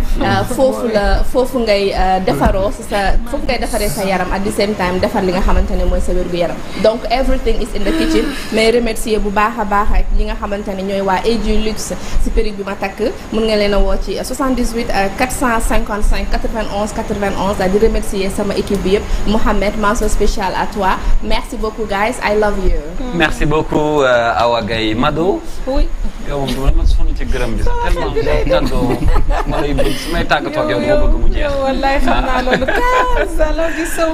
foofu la foofu ngay defaroo si sa foofu ngay defaree sa yaram at the same time defar li nga xamante ne mooy sa wér gu yaram donc everything is in the kitchen mais remercier bu baax a li nga xamante ne ñooy waa Edu Luxe si perruque bi ma takk mun nga leen a woo ci 78 455 91 91 di remercier sama équipe bi yëpp Mohamed mention spéciale à toi merci beaucoup guys I love you. merci beaucoup Awa Gaye Mado. oui yow moom dama la ma sonn ci gërëm bi sax tellement ma lay su may tàggatoo ak yow dama bëgg mu jeex. wallaay xam naa loolu thanks I love you so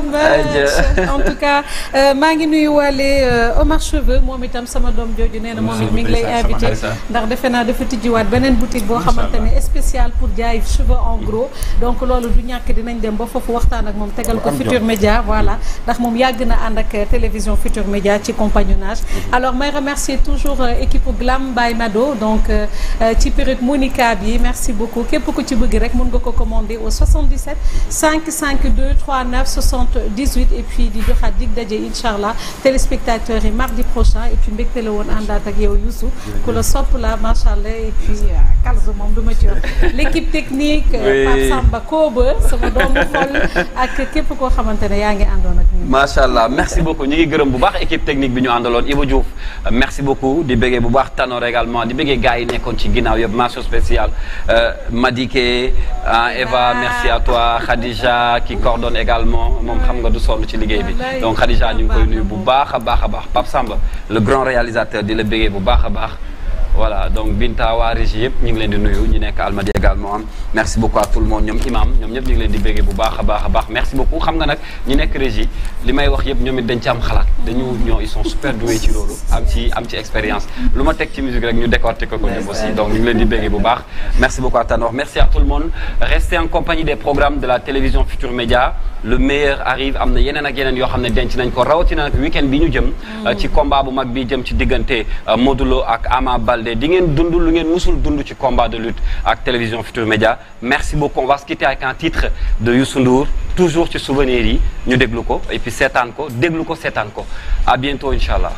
en tout cas euh, maa ngi nuyu waale euh, Omar Cheveux moom itam sama doom jooju nee moom it mi ngi lay invité ndax defe naa dafa tijjiwaat beneen boutique boo xamante ne spécial pour jaay cheveux en gros donc loolu du ñàkk dinañ dem ba foofu waxtaan ak moom tegal ko Futur Média voilà ndax moom yàgg na ànd ak euh, télévision Futur Média ci compagnonnage mm-hmm. alors may remercier toujours équipe Glam by Mado donc ci perruque Monica bi merci beaucoup képp ku ci bëgg rek mën nga ko commander au 77 552 39 78 et puis di joxaat dig daje incha allah téléspectateurs yi mardi prochain et puis mbégte la woon àndaat ak yow Youssou ku la sopp la macha allah et puis Kalzo euh, moom du ma ci wax l' équipe technique. Euh, oui Pape Samba Koba sama doomu xol ak képp koo xamante ne yaa ngi àndoon ak ñun. macha allah merci beaucoup ñu ngi gërëm bu baax équipe technique bi ñu àndaloon Ibu Diouf euh, merci beaucoup di bu baax Tanor également di bëggee gars yi nekkoon ci ginnaaw yëpp mention spéciale. Madiké Eva merci à toi Khadija qui coordonne également moom xam nga du sonn ci liggéey bi donc Khadija ñu ngi koy nuyu bu baax a baax a baax Pape Samba le grand réalisateur di la béggee bu baax a baax voilà donc Binta waa régie yëpp ñu ngi leen di nuyu ñu nekk Almadi également merci beaucoup à tout le monde ñoom imam ñoom ñëpp ñu di béggee bu baax a baax a baax merci beaucoup xam nga nag ñu nekk régie li may wax yëpp ñoom dañ ci am xalaat dañu ils sont super doués ci loolu am ci expérience lu ma teg ci musique rek ñu décortiquer ko ñoom aussi donc ñu ngi leen di béggee bu baax merci beaucoup à Tanor merci à tout le monde restez en de la télévision Futur Média yoo xam ne denc nañ ko rawatina nag week-end bi ñu jëm mm. regardez di ngeen dund lu ngeen musul dund ci combat de lutte ak télévision Futur Média merci beaucoup on va se quitter avec un titre de Youssou Ndour toujours ci souvenirs yi ñu déglu ko et puis seetaan ko déglu ko seetaan a à bientôt incha allah